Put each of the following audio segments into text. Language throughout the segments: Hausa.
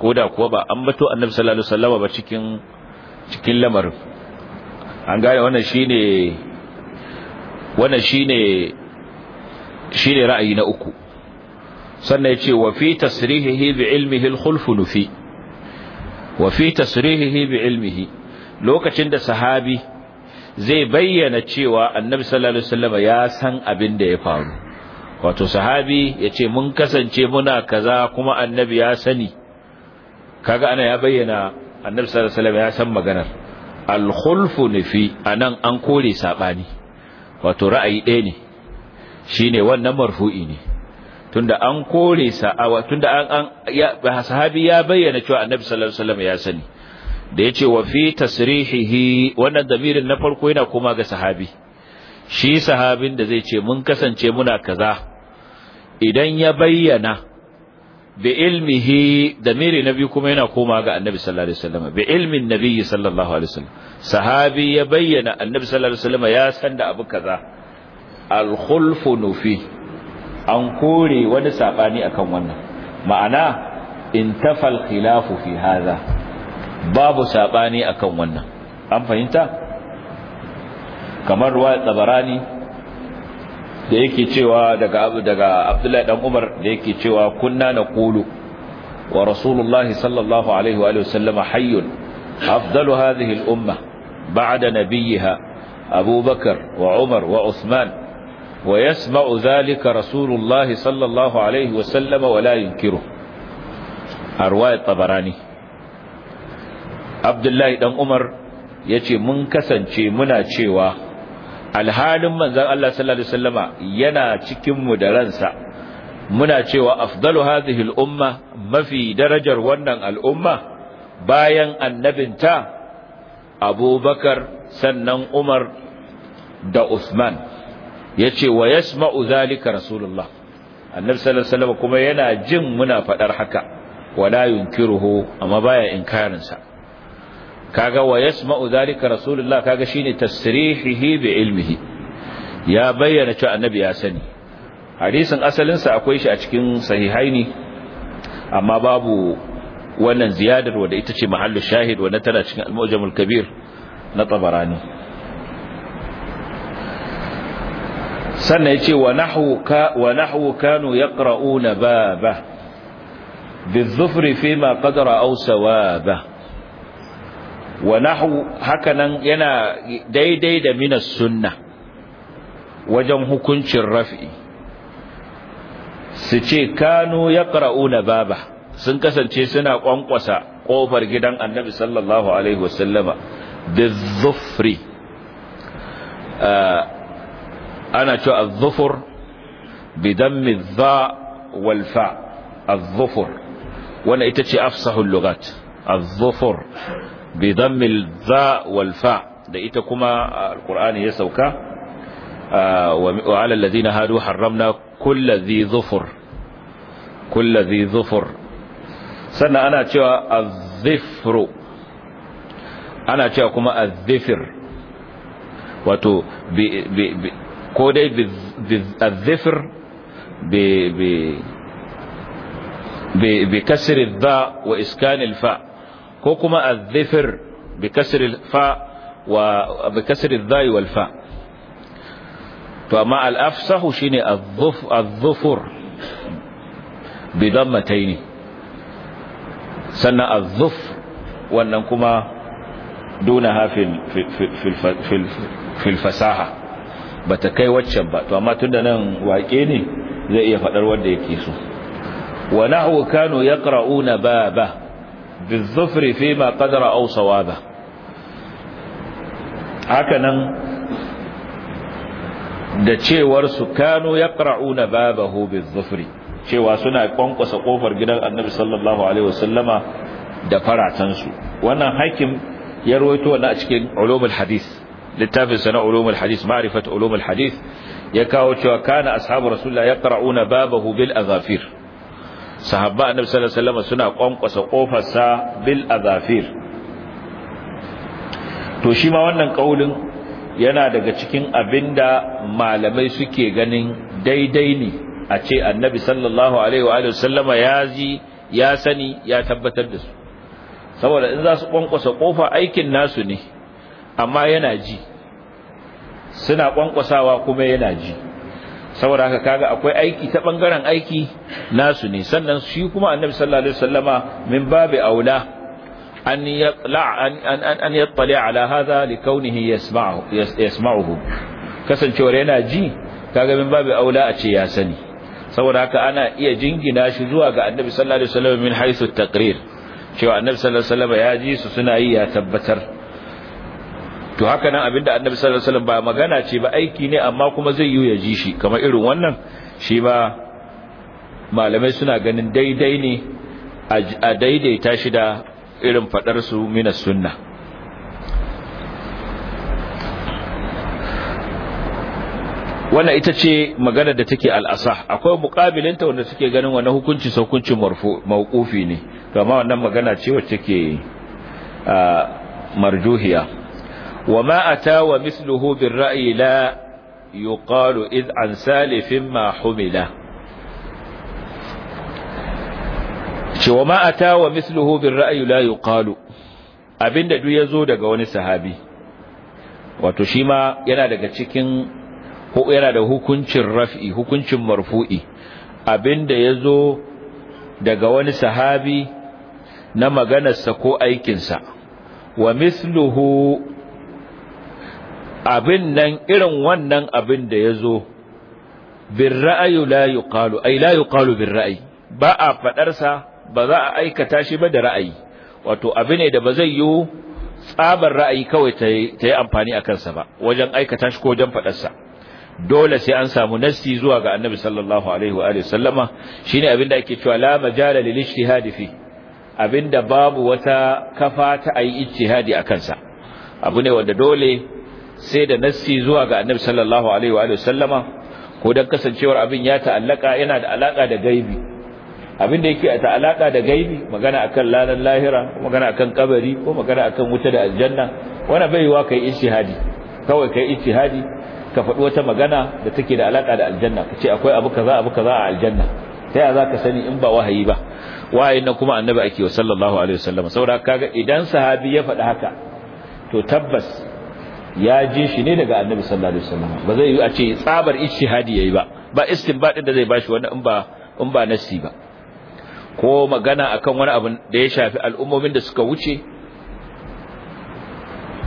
ko da kuwa ba an bato annabi sallallahu alaihi wasallama ba cikin cikin lamarin an gane wannan shine wannan shine shine ra'ayi na uku sannan yace wa fi tasrihihi bi ilmihi al-khulf nufi wa fi tasrihihi bi ilmihi lokacin da sahabi zai bayyana cewa annabi sallallahu alaihi wasallama ya san abin da ya faru wato sahabi yace mun kasance muna kaza kuma annabi ya sani kaga ana ya bayyana annabi sallallahu alaihi wasallam ya san maganar al-khulfu nafi anan an kore sabani wato ra'ayi ɗaya ne shine wannan marfu'i ne tunda an kore sa tunda an an ya sahabi ya bayyana cewa annabi sallallahu alaihi wasallam ya sani da yace wa fi tasrihihi wannan damirin na farko yana kuma ga sahabi shi sahabin da zai ce mun kasance muna kaza idan ya bayyana bi ilmihi damiri nabi kuma yana koma ga annabi sallallahu alaihi wasallam bi ilmin nabi sallallahu alaihi wasallam sahabi ya bayyana annabi sallallahu alaihi ya san da abu kaza al khulfu nufi an kore wani sabani akan wannan ma'ana intafa al khilafu fi hadha babu sabani akan wannan an fahimta kamar wa tabarani da yake cewa daga daga Abdullahi dan Umar da yake cewa kunna na naqulu wa rasulullahi sallallahu alaihi wa sallama hayyun afdalu hadhihi al-umma ba'da nabiyha Abu Bakar wa Umar wa Uthman wa yasma'u dhalika rasulullahi sallallahu alaihi wa sallama wa la yunkiru arwayat tabarani Abdullahi dan Umar yace mun kasance muna cewa alhalin manzon Allah sallallahu alaihi wasallama yana cikin mu da ransa muna cewa afdalu hadhihi al-umma mafi darajar wannan al'umma bayan annabinta Abubakar sannan Umar da Uthman yace wa yasma'u zalika rasulullah annabi sallallahu alaihi wasallam kuma yana jin muna fadar haka wala yunkiruhu amma baya inkarinsa kaga wa yasma'u ka rasulullah kaga shine tasrihihi bi ilmihi ya bayyana cewa annabi ya sani hadisin asalin sa akwai shi a cikin sahihaini amma babu wannan ziyadar wanda ita ce mahallu shahid wanda tana cikin al-mu'jamul kabir na tabarani sannan yace wa nahwu ka wa nahwu kanu yaqra'una baba bi dhufri ma qadara aw sawaba wa nahu nan yana daidai da mina sunna wajen hukuncin raf'i su ce kanu na baba sun kasance suna kwankwasa kofar gidan annabi sallallahu alaihi wasallama eh, ana cewa a zufur bidan dha za walfa a zufur wannan ita ce afsahul lughat a zufur بضم الظاء والفاء كما القران يسوكا آه، وعلى الذين هادوا حرمنا كل ذي ظفر كل ذي ظفر سنة انا اتشوى الظفر انا اتشوى كما الظفر واتو كودي بالظفر بكسر الظاء واسكان الفاء ko kuma az-zifr bi kasri fa wa bi kasri dhai wal fa to amma al-afsahu shine a zufur bi dammataini sannan az-zuf wannan kuma dunaha fil fasaha bata kai waccan ba to amma tunda nan waƙe ne zai iya faɗar wanda yake so wa nahwu kanu yaqra'una baba bizufri fi ma qadara aw sawaba haka nan da cewar su ya ƙarauna babahu bizufri cewa suna ƙwanƙwasa ƙofar gidan annabi sallallahu alaihi wasallama da faratansu wannan hakim ya rawaito wannan a cikin ulumul hadis littafin sana ulumul hadis ma'rifat ulumul hadis ya kawo cewa kana ashabu ya ƙarauna babahu bil azafir sahabba annabi sallallahu alaihi wasallam suna kwankwasa kofarsa bil azafir to shi ma wannan kaulin yana daga cikin abinda malamai suke ganin daidai ne a ce annabi sallallahu alaihi wa sallama ya ji ya sani ya tabbatar da su saboda in za su kwankwasa kofa aikin nasu ne amma yana ji suna kwankwasawa kuma yana ji saboda haka kaga akwai aiki ta bangaren aiki nasu ne sannan shi kuma annabi sallallahu alaihi wasallama min babi aula an yatla an an an yattali ala hadha likawnihi yasma'u yasma'uhu kasancewar yana ji kaga min babi aula a ce ya sani saboda haka ana iya jingina shi zuwa ga annabi sallallahu alaihi wasallama min haythu taqrir cewa annabi sallallahu alaihi wasallama ya ji su suna yi ya tabbatar to haka nan abinda annabi sallallahu alaihi wasallam ba magana ce ba aiki ne amma kuma zai yi ya ji shi kamar irin wannan shi ba malamai suna ganin daidai ne a daidaita shi da irin fadar su mina sunna wannan ita ce magana da take al'asa akwai ta wanda suke ganin wannan hukunci sa hukuncin mawqufi ne to amma wannan magana ce wacce take marjuhiya wa ma ata wa mithluhu bir ra'yi la yuqalu id an salifin ma humila ce wa wa mithluhu bir ra'yi la yuqalu abinda duk yazo daga wani sahabi wato shi ma yana daga cikin yana da hukuncin raf'i hukuncin marfu'i abinda yazo daga wani sahabi na maganarsa ko aikinsa wa misluhu abin nan irin wannan abin da ya zo bin ra'ayu la yuqalu ay la yuqalu bin ra'ayi ba a faɗarsa ba za a aikata shi ba da ra'ayi wato abu ne da ba zai yi tsabar ra'ayi kawai ta yi amfani a kansa ba wajen aikata shi ko wajen faɗarsa. dole sai an samu nasti zuwa ga annabi sallallahu alaihi wa alihi sallama shine abin da ake cewa la majala lil ijtihadi fi abinda babu wata kafa ta ayi ijtihadi a kansa abu ne wanda dole sai da nassi zuwa ga annabi sallallahu alaihi wa sallama ko dan kasancewar abin ya ta'allaka yana da alaka da gaibi abin da yake ta alaka da gaibi magana akan lalan lahira magana akan kabari ko magana akan wuta da aljanna wannan bai yiwa kai ijtihadi kawai kai ijtihadi ka faɗi wata magana da take da alaka da aljanna Ka ce akwai abu kaza abu kaza a aljanna ta ya zaka sani in ba wahayi ba wahayi na kuma annabi ake wa sallallahu alaihi wasallam saboda kaga idan sahabi ya faɗi haka to tabbas ya ji shi ne daga annabi sallallahu alaihi wasallam ba zai yi a ce tsabar ijtihadi yayi ba ba istinbadin da zai bashi wani in ba in ba nasi ba ko magana akan wani abu da ya shafi al'ummomin da suka wuce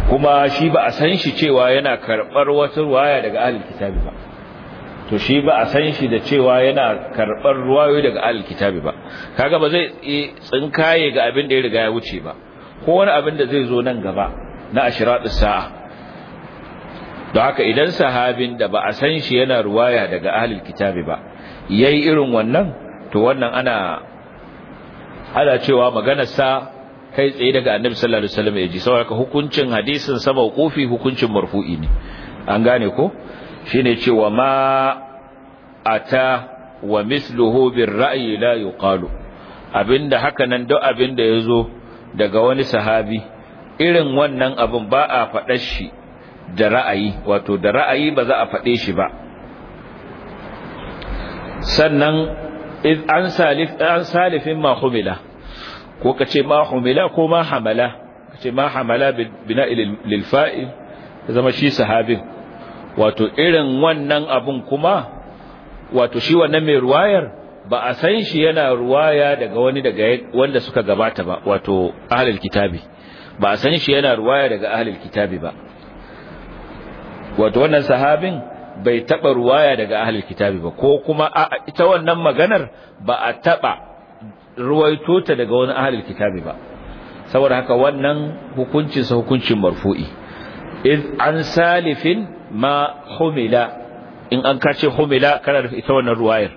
kuma shi ba a san shi cewa yana karbar wata ruwaya daga ahlul kitabi ba to shi ba a san shi da cewa yana karbar ruwayo daga ahlul kitabi ba kaga ba zai tsinkaye ga abin da ya riga ya wuce ba ko wani abin da zai zo nan gaba na ashiratu sa'a don haka idan sahabin da ba a san shi yana ruwaya daga ahlul kitabi ba yayi irin wannan to wannan ana ana cewa sa kai tsaye daga annabi sallallahu alaihi wasallam ya ji saboda hukuncin hadisin sama kufi hukuncin marfu'i ne an gane ko shine cewa ma ata wa misluhu bir ra'yi la yuqalu abinda haka nan duk abinda yazo daga wani sahabi irin wannan abun ba a faɗar shi da ra'ayi wato da ra'ayi ba za a faɗe shi ba sannan an salif an salifin ma humila ko kace ma humila ko ma hamala kace ma hamala bina lil fa'il zama shi sahabin wato irin wannan abun kuma wato shi wannan mai ruwayar ba a san shi yana ruwaya daga wani daga wanda suka gabata ba wato ahlul kitabi ba a san shi yana ruwaya daga ahlul kitabi ba wato wannan sahabin bai taba ruwaya daga ahlul kitabi ba ko kuma ita wannan maganar ba a taba ruwaito ta daga wani ahlul kitabi ba saboda haka wannan hukuncin sa hukuncin marfu'i iz an salifin ma humila in an kace humila kana da ita wannan ruwayar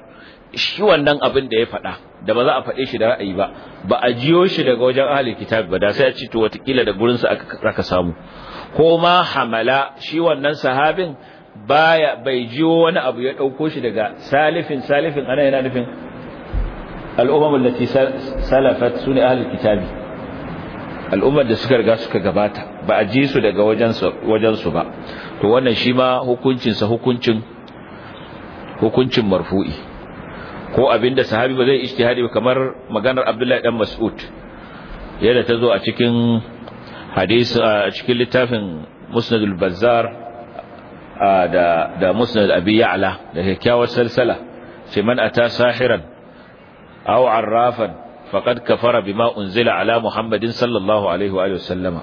shi wannan abin da ya faɗa da ba za a faɗe shi da ra'ayi ba ba a jiyo shi daga wajen ahlul kitabi ba da sai a ce to wata kila da gurin sa aka samu ko ma hamala shi wannan sahabin baya bai jiwo wani abu ya dauko shi daga salifin salifin ana yana nufin al'ummar allati salafat sunni ahlul kitabi al'ummar da suka riga suka gabata ba a ji su daga wajen su ba to wannan shi ma hukuncin sa hukuncin hukuncin marfu'i ko abinda sahabi ba zai ijtihadi kamar maganar Abdullahi dan Mas'ud yadda ta zo a cikin hadisi a cikin littafin musnad al-bazzar da musnad abi ya'la da kyakkyawar salsala ce man ata sahiran aw arrafan faqad kafara bima unzila ala muhammadin sallallahu alaihi wa sallama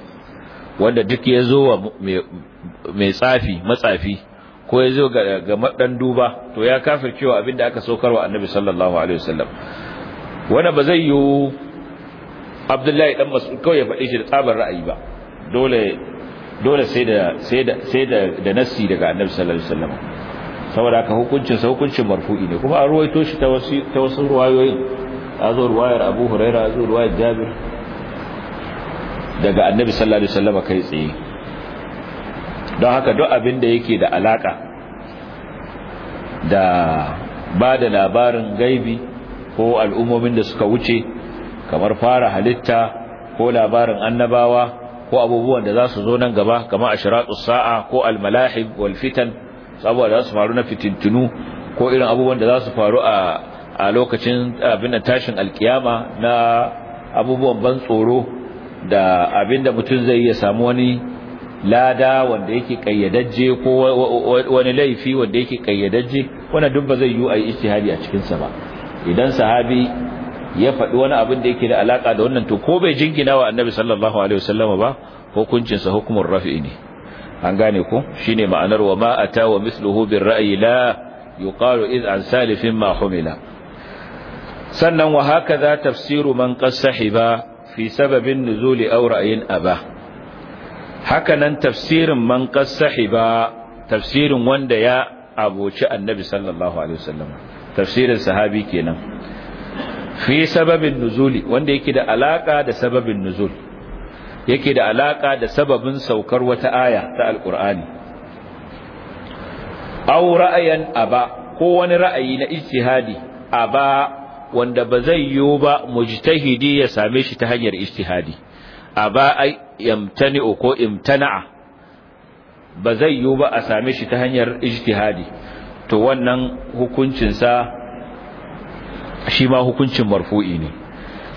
wanda duk ya zo wa mai tsafi matsafi ko ya zo ga maɗan duba to ya kafircewa abinda aka saukarwa annabi sallallahu alaihi sallam. wanda ba zai yiwu. abdullahi dan mas'ud kawai ya faɗe shi da tsabar ra'ayi ba dole dole sai da sai da sai da da nassi daga annabi sallallahu alaihi wasallam saboda haka hukuncin sa hukuncin marfu'i ne kuma an ruwaito shi ta wasu ta wasu ruwayoyin azo ruwayar abu huraira azo ruwayar jabir daga annabi sallallahu alaihi wasallam kai tsaye don haka duk abin da yake da alaka da ba da labarin gaibi ko al'ummomin da suka wuce kamar fara halitta ko labarin annabawa ko abubuwan da za su zo nan gaba kamar ashratus sa'a ko almalahib wal fitan saboda za su faru na fitintunu ko irin abubuwan da za su faru a a lokacin abin da tashin alkiyama na abubuwan ban tsoro da abin da mutum zai iya samu wani lada wanda yake kayyadajje ko wani laifi wanda yake kayyadajje wannan duk ba zai yi a ijtihadi a cikin sa ba idan sahabi ya faɗi wani abin da yake da alaka da wannan to ko bai jingina wa annabi sallallahu alaihi wasallam ba hukuncinsa hukumar rafi'i ne an gane ko shine ma'anar wa ma ata wa misluhu bir ra'yi la yuqalu id an salifin ma humila sannan wa hakaza tafsiru man qasahiba fi sababin nuzuli aw ra'yin aba hakanan tafsirin man qasahiba tafsirin wanda ya aboci annabi sallallahu alaihi wasallam tafsirin sahabi kenan fi sababin nuzuli wanda yake da alaka da sababin nuzul yake da alaka da sababin saukar wata aya ta alqur'ani aw ra'ayan aba ko wani ra'ayi na ijtihadi aba wanda ba zai yiwu ba mujtahidi ya same shi ta hanyar ijtihadi aba ai yamtani ko imtana'a ba zai yiwu ba a same shi ta hanyar ijtihadi to wannan hukuncinsa shi ma hukuncin marfu'i ne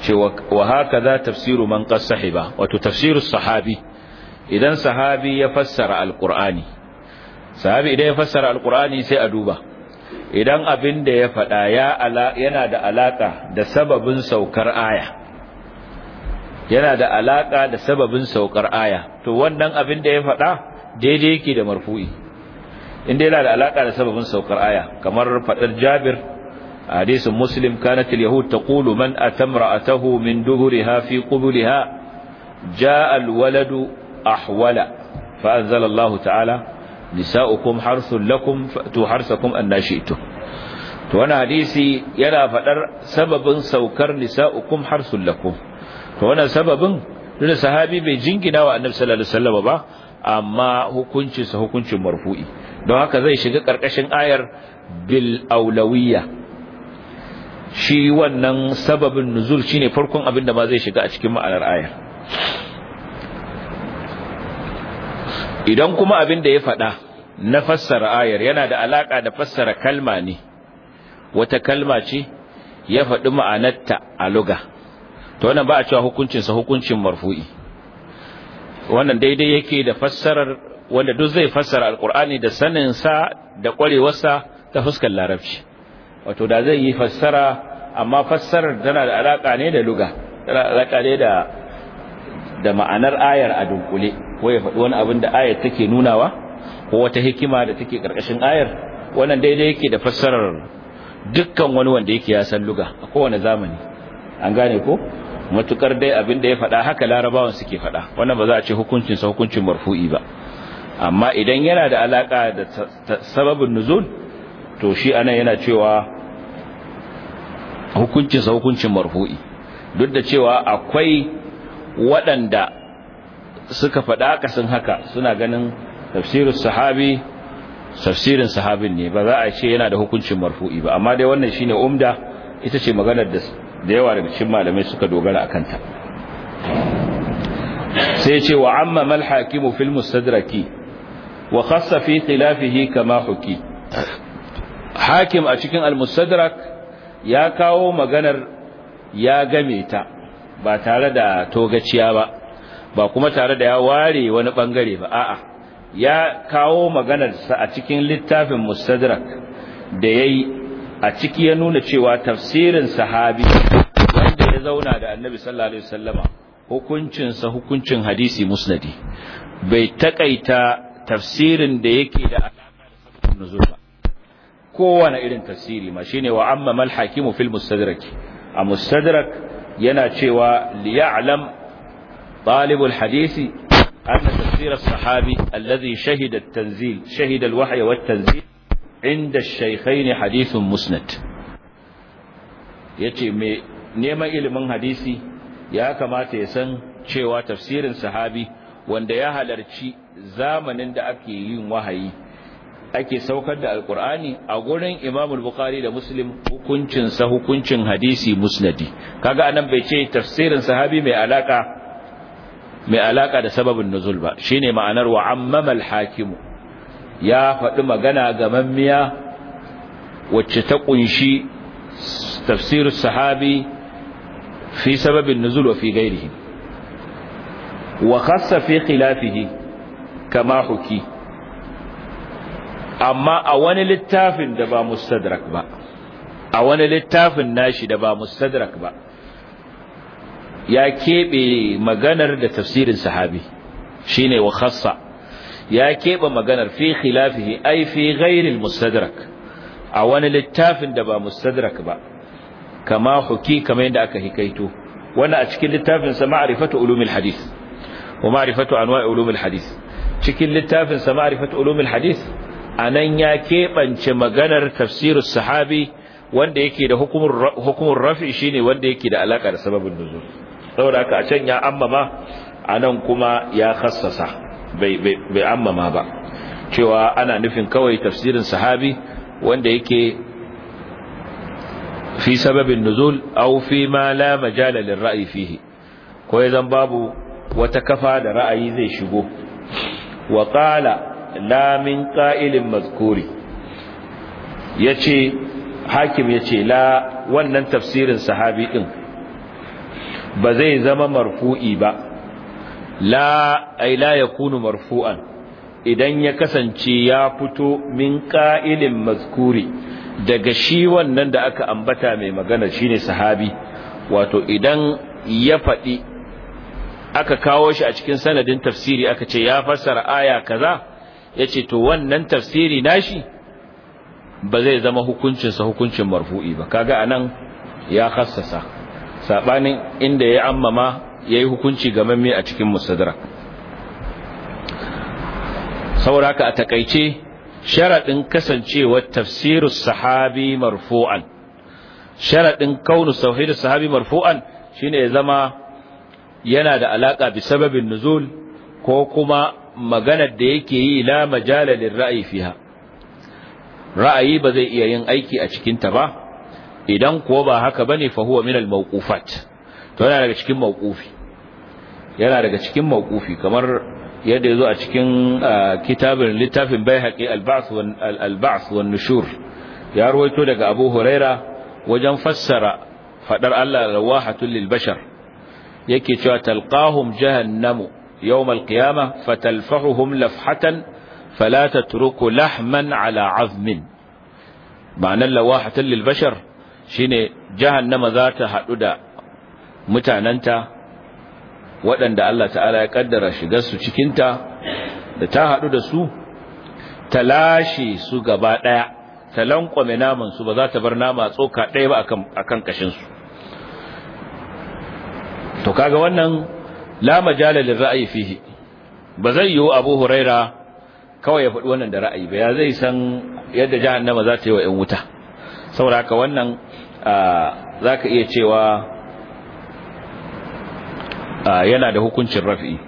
ce wa haka za tafsiru man sahiba wato tafsiru sahabi idan sahabi ya fassara alqur'ani sahabi idan ya fassara alqur'ani sai a duba idan abin da ya faɗa yana da alaka da sababin saukar aya yana da alaka da sababin saukar aya to wannan abin da ya faɗa daidai yake da marfu'i inda yana da alaka da sababin saukar aya kamar faɗar Jabir حديث مسلم كانت اليهود تقول من أتى امرأته من دبرها في قبلها جاء الولد أحول فأنزل الله تعالى نساؤكم حرث لكم فأتوا حرثكم أن شئتم وانا حديثي يلا فدر سبب سوكر نساؤكم حرث لكم وانا سبب لنا صحابي بجنكنا وأنب صلى الله عليه وسلم amma hukuncinsa hukuncin marfu'i don haka zai shiga ƙarƙashin ayar bil aulawiyya shi wannan sababin nuzul shine farkon abin da ma zai shiga a cikin ma'anar ayar idan kuma abin da ya faɗa na fassara ayar yana da alaka da fassara kalma ne wata kalma ce ya faɗi ma'anarta a luga to wannan ba a cewa hukuncinsa hukuncin marfu'i wannan daidai yake da fassarar wanda duk zai fassara alkur'ani da saninsa da ƙwarewarsa ta fuskar larabci wato da zai yi fassara amma fassarar tana da alaka ne da luga tana da alaka ne da da ma'anar ayar a dunkule ko ya faɗi wani abin da ayar take nunawa ko wata hikima da take karkashin ayar wannan daidai yake da fassarar dukkan wani wanda yake ya san luga a kowane zamani an gane ko matukar dai abin da ya faɗa haka larabawan suke faɗa wannan ba za a ce hukuncin sa hukuncin marfu'i ba amma idan yana da alaka da sababin nuzul to shi anan yana cewa hukuncinsa hukuncin marfu'i duk da cewa akwai waɗanda suka faɗa akasin haka suna ganin tafsirin sahabi tafsirin sahabin ne ba za a ce yana da hukuncin marfu'i ba amma dai wannan shine umda ita ce maganar da da yawa daga cikin malamai suka dogara akan ta sai ce wa amma mal hakimu fil mustadraki wa khassa fi khilafihi kama huki hakim a cikin al ya kawo maganar ya game ta ba tare da togaciya ba ba kuma tare da ya ware wani bangare ba a'a ya kawo maganar sa a cikin littafin mustadrak da yayi a ciki ya nuna cewa tafsirin sahabi wanda ya zauna da annabi sallallahu alaihi wasallama hukuncinsa hukuncin hadisi musnadi bai takaita tafsirin da yake da alaka da ba kowane irin tafsiri ma shine wa amma mal hakimu fil mustadrak a mustadrak yana cewa li ya'lam talibul hadisi anna tafsir sahabi alladhi shahida at-tanzil shahida al-wahy wa tanzil inda ash ne hadithun musnad yace me neman ilimin hadisi ya kamata ya san cewa tafsirin sahabi wanda ya halarci zamanin da ake yin wahayi ake saukar da alkur'ani a gurin imamul bukhari da muslim hukuncinsa hukuncin hadisi musnadi kaga anan bai ce tafsirin sahabi mai alaka mai alaka da sababin nuzul ba shine ma'anar wa ammamal hakim ya faɗi magana ga mammiya wacce ta kunshi tafsir sahabi fi sababin nuzul wa fi ghairihi wa khassa fi khilafihi kama huki amma a wani littafin da ba mustadrak ba a wani littafin nashi da ba mustadrak ba ya keɓe maganar da tafsirin sahabi shine wa khassa ya keɓe maganar fi khilafihi ai fi ghairil mustadrak a wani littafin da ba mustadrak ba kama huki kamar yadda aka hikaito wannan a cikin littafin sa ma'rifatu ulumil hadith wa ma'rifatu anwa'i ulumil hadith cikin littafin sa ma'rifatu ulumil hadith anan ya keɓance maganar tafsirus sahabi wanda yake da hukumar rafi shine wanda yake da alaka da sababin nuzul saboda haka a can ya ammama anan kuma ya khassasa bai bai ammama ba cewa ana nufin kawai tafsirin sahabi wanda yake fi sababin nuzul aw fi ma la majala ra'i fihi ko zan babu wata kafa da ra'ayi zai shigo wa qala la min qa'ilin mazkuri yace hakim yace la wannan tafsirin sahabi din ba zai zama marfu'i ba la ay la yakunu marfu'an idan ya kasance ya fito min qa'ilin mazkuri daga shi wannan da aka ambata mai magana shine sahabi wato idan ya faɗi aka kawo shi a cikin sanadin tafsiri aka ce ya fassara aya kaza yace to wannan tafsiri nashi ba zai zama hukuncinsa hukuncin marfu'i ba kaga anan ya khassasa saɓanin inda ya ammama yayi hukunci gamamme a cikin musadrak sauraka a takaice sharaɗin kasancewar tafsirus sahabi marfu'an sharaɗin kaunu tauhidus sahabi marfu'an shine ya zama yana da alaka bi sababin nuzul ko kuma maganar da yake yi la majalalin ra'ayi fiha ra'ayi ba zai iya yin aiki a cikinta ba idan kuwa ba haka bane fa huwa min al-mawqufat to yana daga cikin mawqufi yana daga cikin mawqufi kamar yadda yazo a cikin kitabin littafin baihaqi al-ba'th wan nushur ya ruwaito daga Abu Huraira wajen fassara fadar Allah rawahatul lil bashar yake cewa talqahum jahannamu يوم القيامة فتلفحهم لفحة فلا تترك لحما على عظم معنى لواحة للبشر شيني جهنم ذات حدودا متعننتا وأن الله تعالى يقدر شغس شكنتا لتا حدودا سو تلاشي سو قبادا تلنقم ناما سو بذات برناما سوكا ديبا أكن كشنسو to kaga wannan la majala lil ra'yi fihi ba zai yi Abu Huraira kawai ya faɗi wannan da ra'ayi ba ya zai san yadda jahannama za ta yi wa ƴan wuta saboda haka wannan zaka iya cewa yana da hukuncin rafi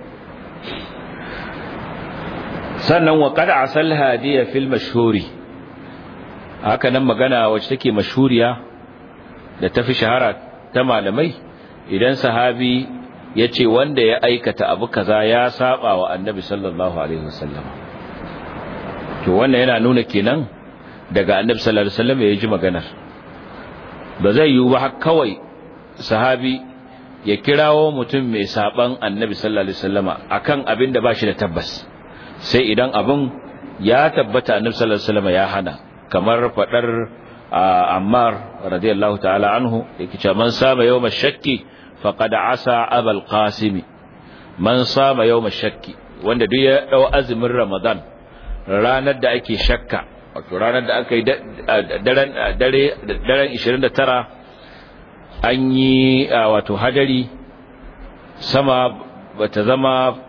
sannan wa qad asal hadiya fil mashhuri haka nan magana wacce take mashhuriya da tafi shahara ta malamai idan sahabi ya ce wanda ya aikata abu kaza ya saba wa annabi sallallahu alaihi wasallam to wannan yana nuna kenan daga annabi sallallahu alaihi wasallam ya ji maganar ba zai yiwu ba har kawai sahabi ya kirawo mutum mai saban annabi sallallahu alaihi wasallama akan abin da bashi da tabbas sai idan abun ya tabbata annabi sallallahu alaihi wasallama ya hana kamar fadar ah, Ammar radiyallahu ta'ala anhu yake cewa man sama yawma shakki faqad asa abul qasimi man sama yawm shakki wanda duk ya ɗau azumin ramadan ranar da ake shakka wato ranar da aka yi daren daren 29 an yi wato hadari sama bata zama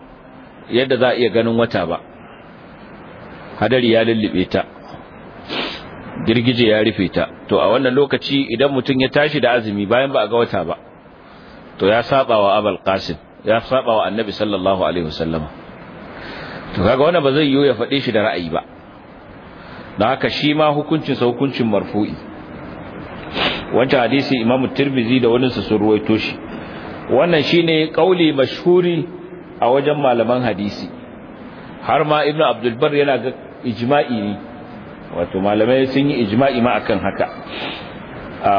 yadda za a iya ganin wata ba hadari ya lullube ta girgije ya rufe ta to a wannan lokaci idan mutum ya tashi da azumi bayan ba a ga wata ba to ya saba wa abul qasim ya saba wa annabi sallallahu alaihi wasallama to kaga wannan ba zai yiwu ya faɗe shi da ra'ayi ba don haka shi ma hukuncin sa hukuncin marfu'i wancan hadisi imam tirmizi da wani sun ruwaito shi wannan shine kauli mashhuri a wajen malaman hadisi har ma ibnu abdul bar yana ga ijma'i ne wato malamai sun yi ijma'i ma akan haka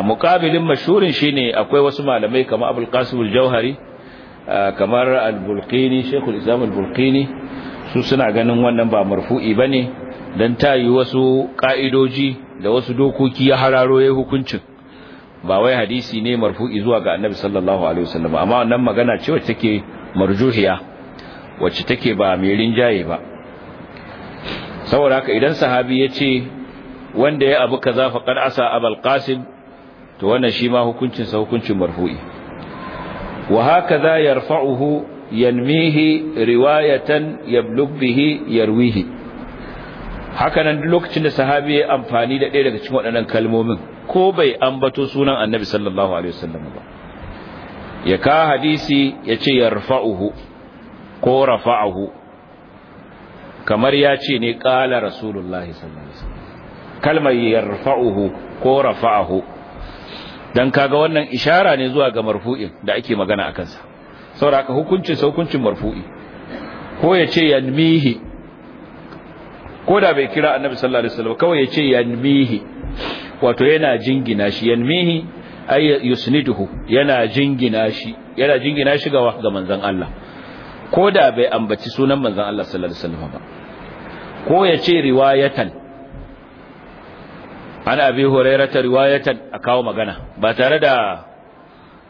mukabilin mashhurin shine akwai wasu malamai kamar Abul Qasim al-Jauhari kamar al-Bulqini Sheikhul Islam al-Bulqini su suna ganin wannan ba marfu'i bane dan tayi wasu ka'idoji da wasu dokoki ya hararo yayin hukuncin ba wai hadisi ne marfu'i zuwa ga Annabi sallallahu alaihi wasallam amma wannan magana ce wacce take marjuhiya wacce take ba mai rinjaye ba saboda haka idan sahabi yace wanda ya abu kaza faqad asa abul qasim to wannan shi ma hukuncin sa hukuncin marfu'i wa hakaza yarfa'uhu yanmihi riwayatan yablugh bihi yarwihi hakanan duk lokacin da sahabi ya amfani da ɗaya daga cikin waɗannan kalmomin ko bai ambato sunan annabi sallallahu alaihi wasallam ba ya ka hadisi ya ce yarfa'uhu ko rafa'ahu kamar ya ce ne kala rasulullahi sallallahu alaihi wasallam kalmar yarfa'uhu ko rafa'ahu dan kaga wannan ishara ne zuwa ga marfu'in da ake magana a kansa saboda haka hukuncin hukuncin marfu'i ko ya ce yanmihi ko da bai kira annabi sallallahu alaihi wasallam kawai ya ce yanmihi wato yana jingina shi yanmihi ay yusniduhu yana jingina shi yana jingina shi ga ga manzon Allah ko da bai ambaci sunan manzon Allah sallallahu alaihi wasallam ba ko ya ce riwayatan ana abi hurairata riwayatan a kawo magana ba tare da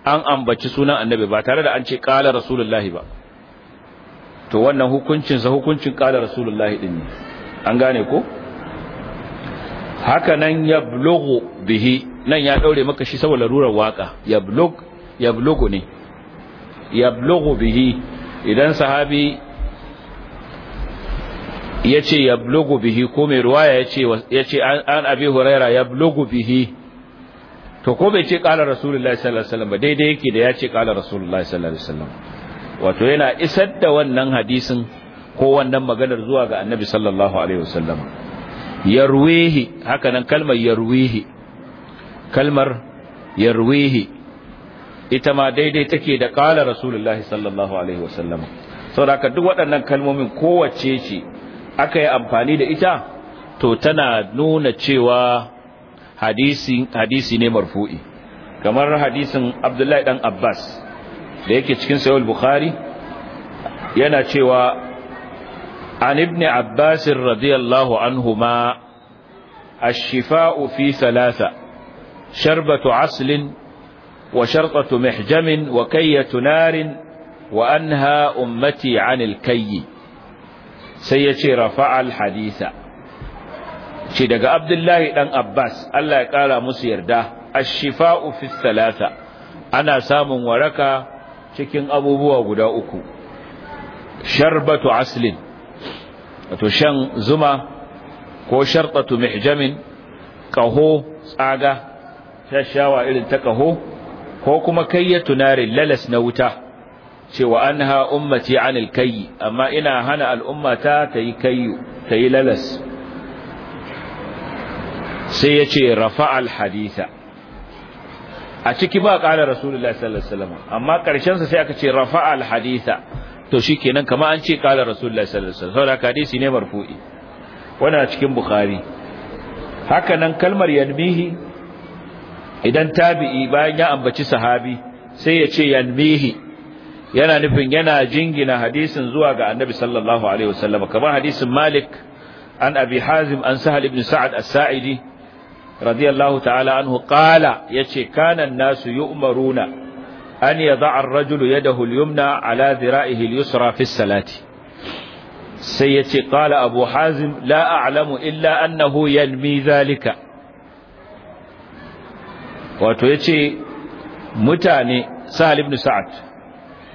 an ambaci sunan annabi ba tare da an ce kala rasulullahi ba to wannan hukuncin sa hukuncin kala rasulullahi din ne an gane ko haka nan yablughu bihi nan ya daure maka shi saboda larurar waka yablug yablughu ne yablughu bihi idan sahabi yace blogu bihi ko mai ruwaya yace yace an abi huraira blogu bihi to ko bai ce qala rasulullahi sallallahu alaihi wasallam ba daidai yake da yace qala rasulullahi sallallahu alaihi wasallam wato yana isar da wannan hadisin ko wannan maganar zuwa ga annabi sallallahu alaihi wasallam yarwihi hakanan kalmar yarwihi kalmar yarwihi ita ma daidai take da qala rasulullahi sallallahu alaihi wasallam saboda duk waɗannan kalmomin kowace ce aka yi amfani da ita to tana nuna cewa hadisi hadisi ne marfu'i kamar hadisin Abdullahi dan Abbas da yake cikin sahih al-Bukhari yana cewa an ibn Abbas radiyallahu anhuma ash-shifa'u fi thalatha sharbatu 'aslin wa shartatu mihjamin wa kayyatu narin wa anha ummati 'anil kayyi sai ya ce rafa'al haditha ce daga abdullahi dan abbas Allah ya kara musu yarda ash-shifa'u fi thalatha ana samun waraka cikin abubuwa guda uku sharbatu aslin wato shan zuma ko shartatu mihjamin kaho tsaga shashawa irin ta kaho ko kuma kayyatu narin lalas na wuta cewa anha ummati anil kayyi amma ina hana al'ummata ta yi kayyu ta yi lalas sai ya ce rafa'al haditha a ciki ba ƙara rasulullah sallallahu alaihi wasallam amma ƙarshen sa sai aka ce rafa'al haditha to shi shikenan kama an ce ƙara rasulullah sallallahu alaihi wasallam saboda hadisi ne marfu'i wannan cikin bukhari haka nan kalmar yanmihi idan tabi'i bayan ya ambaci sahabi sai ya ce yanmihi yana nufin yana jingina hadisin zuwa ga annabi sallallahu alaihi wasallam kamar hadisin malik an abi hazim an sahal ibn sa'ad as-sa'idi radiyallahu ta'ala anhu qala yace kana an-nasu yu'maruna an yada'a ar-rajulu yadahu al-yumna ala dhira'ihi al-yusra fi as-salati sai yace qala abu hazim la a'lamu illa annahu yanmi dhalika wato yace mutane sahal ibn sa'ad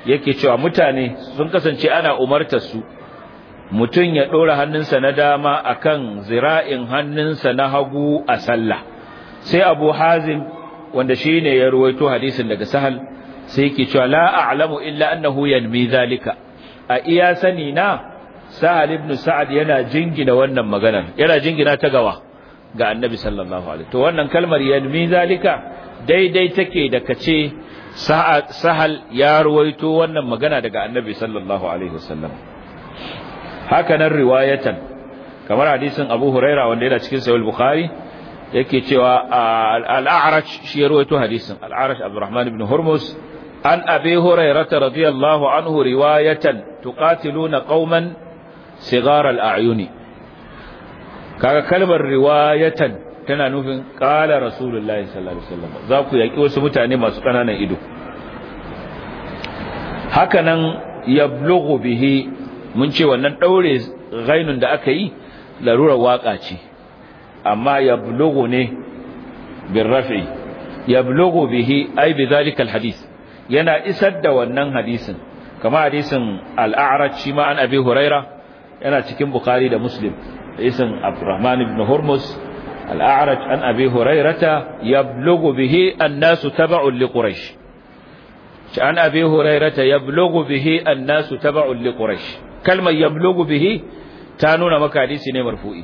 yake cewa mutane sun kasance ana umartar su mutum ya ɗora hannunsa na dama akan zira'in hannunsa na hagu a sallah sai abu hazim wanda shi ya ruwaito hadisin daga sahal sai yake cewa la a'lamu illa annahu yanmi zalika a iya sani na sahal ibn sa'ad yana jingina wannan maganar yana jingina ta gawa ga annabi sallallahu alaihi to wannan kalmar yanmi zalika daidai take da kace sahal ya ruwaito wannan magana daga annabi sallallahu alaihi wasallam haka nan riwayatan kamar hadisin abu huraira wanda yana cikin sahih bukhari yake cewa al-a'raj shi ya ruwaito hadisin al-a'raj abdurrahman ibn hurmus an abi hurairata radiyallahu anhu riwayatan tuqatiluna qauman sigar al-a'yuni kaga kalmar riwayatan tana nufin ƙala rasulullahi sallallahu alaihi za ku yaki wasu mutane masu ƙananan ido haka nan yablughu bihi mun ce wannan ɗaure ghainun da aka yi larurar waka ce amma yablughu ne bin raf'i yablughu bihi ay bi zalikal hadis. yana isar da wannan hadisin kama hadisin al-a'raj ma an abi huraira yana cikin bukhari da muslim hadisin abdurrahman ibn hurmus الأعرج عن أبي هريرة يبلغ به الناس تبع لقريش عن أبي هريرة يبلغ به الناس تبع لقريش كلمة يبلغ به تانون مكاديس مرفوئي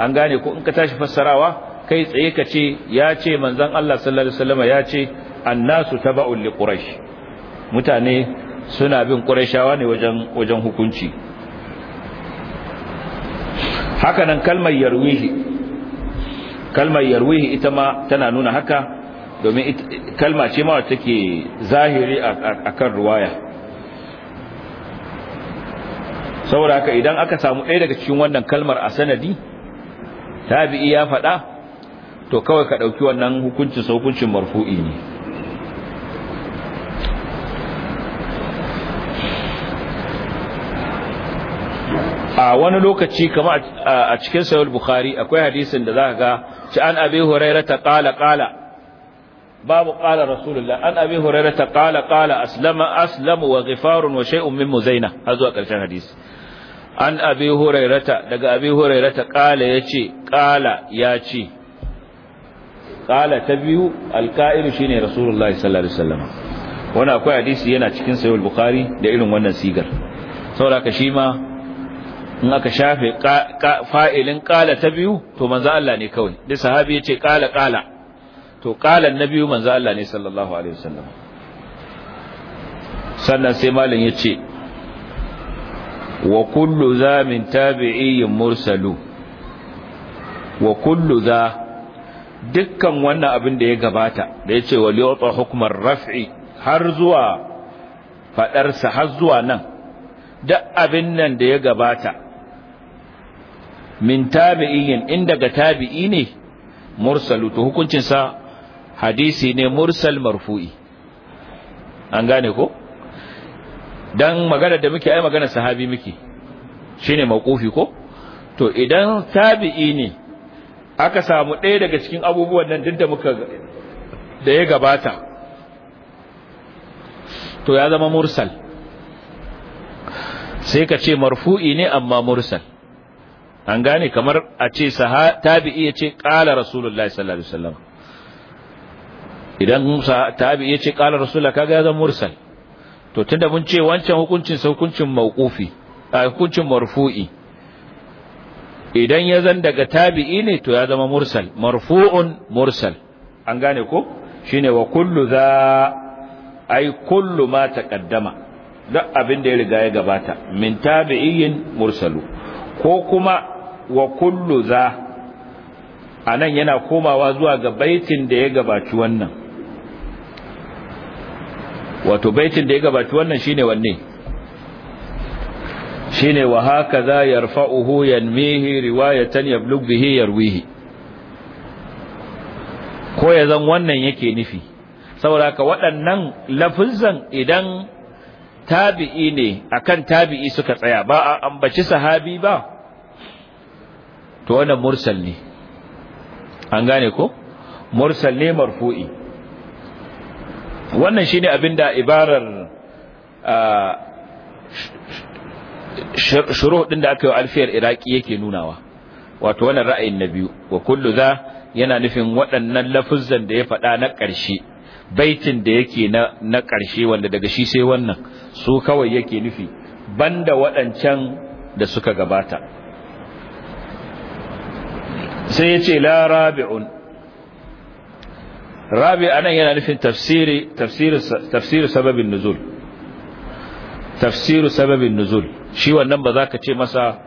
an gane ko in ka tashi fassarawa kai tsaye ka ce ya ce manzon Allah sallallahu alaihi wasallam ya ce annasu taba'ul liquraish mutane suna bin qurayshawa ne wajen hukunci haka kalmar yarwihi kalmar yarwihi ita ma tana nuna haka domin kalma ce ma take zahiri a kan ruwaya saboda haka idan aka samu ɗaya daga cikin wannan kalmar a sanadi tabi'i ya faɗa to kawai ka ɗauki wannan hukuncin sa hukuncin marfu'i ne a wani lokaci kamar a cikin sahih bukhari akwai hadisin da zaka ga ci an abi hurairah ta qala qala babu qala rasulullah an abi hurairah ta qala qala aslama aslamu wa ghifarun wa shay'un min muzaina har zuwa karshen hadisi an abi hurairata daga abi hurairata kala yace kala ce kala ta biyu alka'ir shine rasulullah sallallahu alaihi wasallam wani akwai hadisi yana cikin sahih bukhari da irin wannan sigar saboda ka shi ma in aka shafe fa'ilin qala ta biyu to manzo Allah ne kawai da sahabi yace qala qala to qala na biyu manzo Allah ne sallallahu alaihi wasallam sannan sai ya yace wa kullu za min tabi'iyyin mursalu wa kullu za dukkan wannan abin da ya gabata da yace wal yu'ta hukmar raf'i har zuwa fadar sa har zuwa nan duk abin nan da ya gabata min tabi'in in daga tabi'i ne mursalu to hukuncin sa hadisi ne mursal marfu'i an gane ko dan magana da muke ai magana sahabi muke shine mauqufi ko to idan tabi'i ne aka samu ɗaya daga cikin abubuwan nan dinda muka da ya gabata to ya zama mursal sai ka ce marfu'i ne amma mursal an gane kamar a ce tabi'i ya ce ƙala rasulullahi sallallahu alaihi wasallam idan tabi'i ya ce ƙala rasulullahi kaga ya zama mursal to tunda mun ce wancan hukuncin sa hukuncin mauqufi a hukuncin marfu'i idan ya zan daga tabi'i ne to ya zama mursal marfu'un mursal an gane ko shine wa kullu za ai kullu ma taqaddama duk abin da ya riga ya gabata min tabi'in mursalu ko kuma wa kullu za a nan yana komawa zuwa ga baitin da ya gabaci wannan wato baitin da ya gabaci wannan shine wanne shine wa haka za yarfa'uhu yanmihi riwayatan yablugh bihi yarwihi ko ya zan wannan yake nufi saboda ka waɗannan lafizan idan tabi'i ne akan tabi'i suka tsaya ba a ambaci sahabi ba to wannan mursal ne an gane ko mursal ne marfu'i wannan shine abinda ibarar shuruh din da aka yi alfiyar iraki yake nunawa wato wannan ra'ayin na biyu wa kullu za yana nufin waɗannan lafuzzan da ya faɗa na ƙarshe baitin da yake na na ƙarshe wanda daga shi sai wannan su kawai yake nufi banda waɗancan da suka gabata sai ya ce la rabi'un rabi'a anan yana nufin tafsiri tafsiri sababin nuzul tafsiri sababin nuzul shi wannan ba za ka ce masa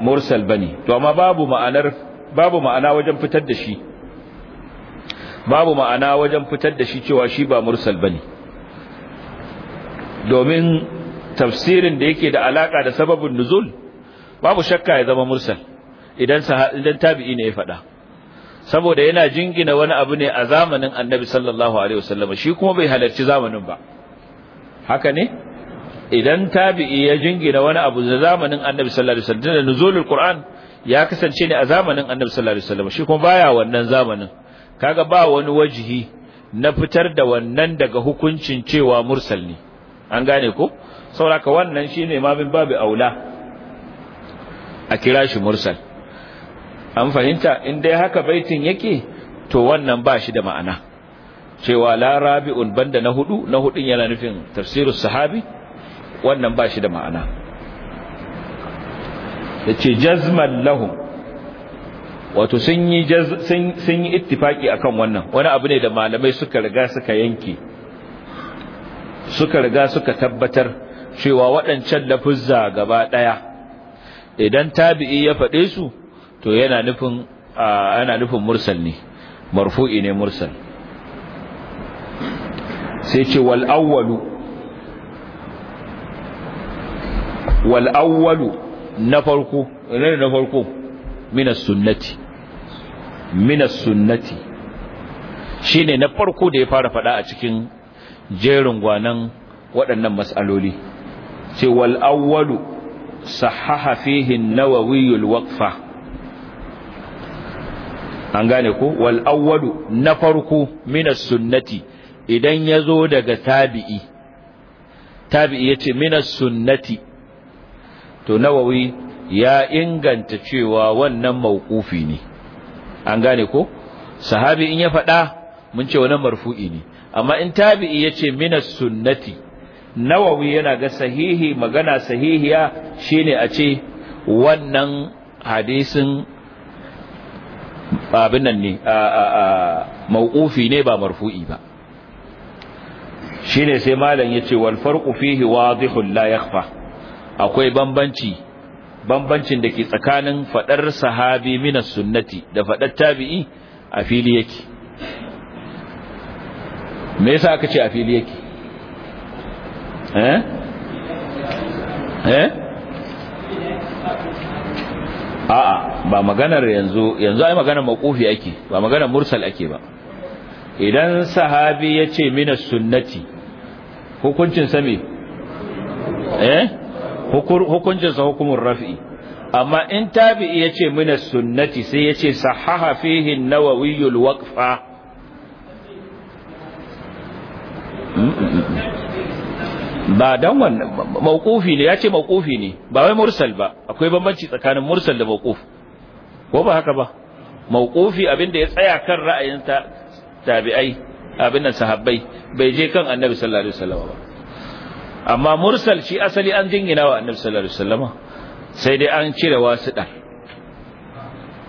mursal bane to amma babu ma'anar babu ma'ana wajen fitar da shi babu ma'ana wajen fitar da shi cewa shi ba mursal bane domin tafsirin da yake da alaka da sababin nuzul babu shakka ya zama mursal idan idan tabi'i ne ya faɗa saboda yana jingina wani abu ne a zamanin annabi sallallahu alaihi wasallam shi kuma bai halarci zamanin ba haka ne idan tabi'i ya jingina wani abu da zamanin annabi sallallahu alaihi wasallam da nuzulul qur'an ya kasance ne a zamanin annabi sallallahu alaihi wasallam shi kuma baya wannan zamanin kaga ba wani wajihi na fitar da wannan daga hukuncin cewa mursal ne an gane ko sauraka wannan shine ma bin babu aula a kira shi mursal an fahimta in dai haka baitin yake to wannan ba shi da ma'ana cewa la rabi'un banda na hudu na hudun yana nufin tafsirus sahabi wannan ba shi da ma'ana yace jazman lahum wato sun yi sun yi ittifaki akan wannan wani abu ne da malamai suka riga suka yanke suka riga suka tabbatar cewa waɗancan lafuzza gaba ɗaya idan tabi'i ya faɗe su to yana nufin ana nufin mursal ne marfu'i ne mursal sai ce wal awwalu wal awwalu na farko na farko min as-sunnati minas sunnati shine na farko da ya fara fada a cikin jerin gwanan waɗannan mas'aloli ce wal sahaha fihi an-nawawi waqfa an gane ku? wal na farko minas sunnati idan zo daga tabi'i tabi'i yace minas sunnati to nawawi ya inganta cewa wannan mauqufi ne an gane ko sahabi in ya faɗa mun ce wannan marfu'i ne amma in tabi'i yace minas sunnati nawawi yana ga sahihi magana sahihiya shine a ce wannan hadisin abin nan ne mauqufi ne ba marfu'i ba shine sai malam yace wal farqu fihi wadihun la yakhfa akwai bambanci bambancin da ke tsakanin fadar sahabi minas sunnati da fadar tabi'i a fili yake me yasa aka ce a fili yake eh eh a'a ba maganar yanzu yanzu ai maganar maqufi yake ba maganar mursal ake ba idan sahabi yace minas sunnati hukuncin sa me eh hukuncinsa hukumin rafi amma in tabi'i ya ce mina sunnati sai ya ce sahaha fihi nawawiyul waqfa ba dan wannan mauqufi ne ya ce mauqufi ne ba wai mursal ba akwai bambanci tsakanin mursal da mauquf ko ba haka ba mauqufi abinda ya tsaya kan ra'ayin tabi'ai abin nan sahabbai bai je kan annabi sallallahu alaihi wasallam ba amma mursal shi asali an jingina wa annabi sallallahu alaihi wasallam sai dai an cire wasiɗar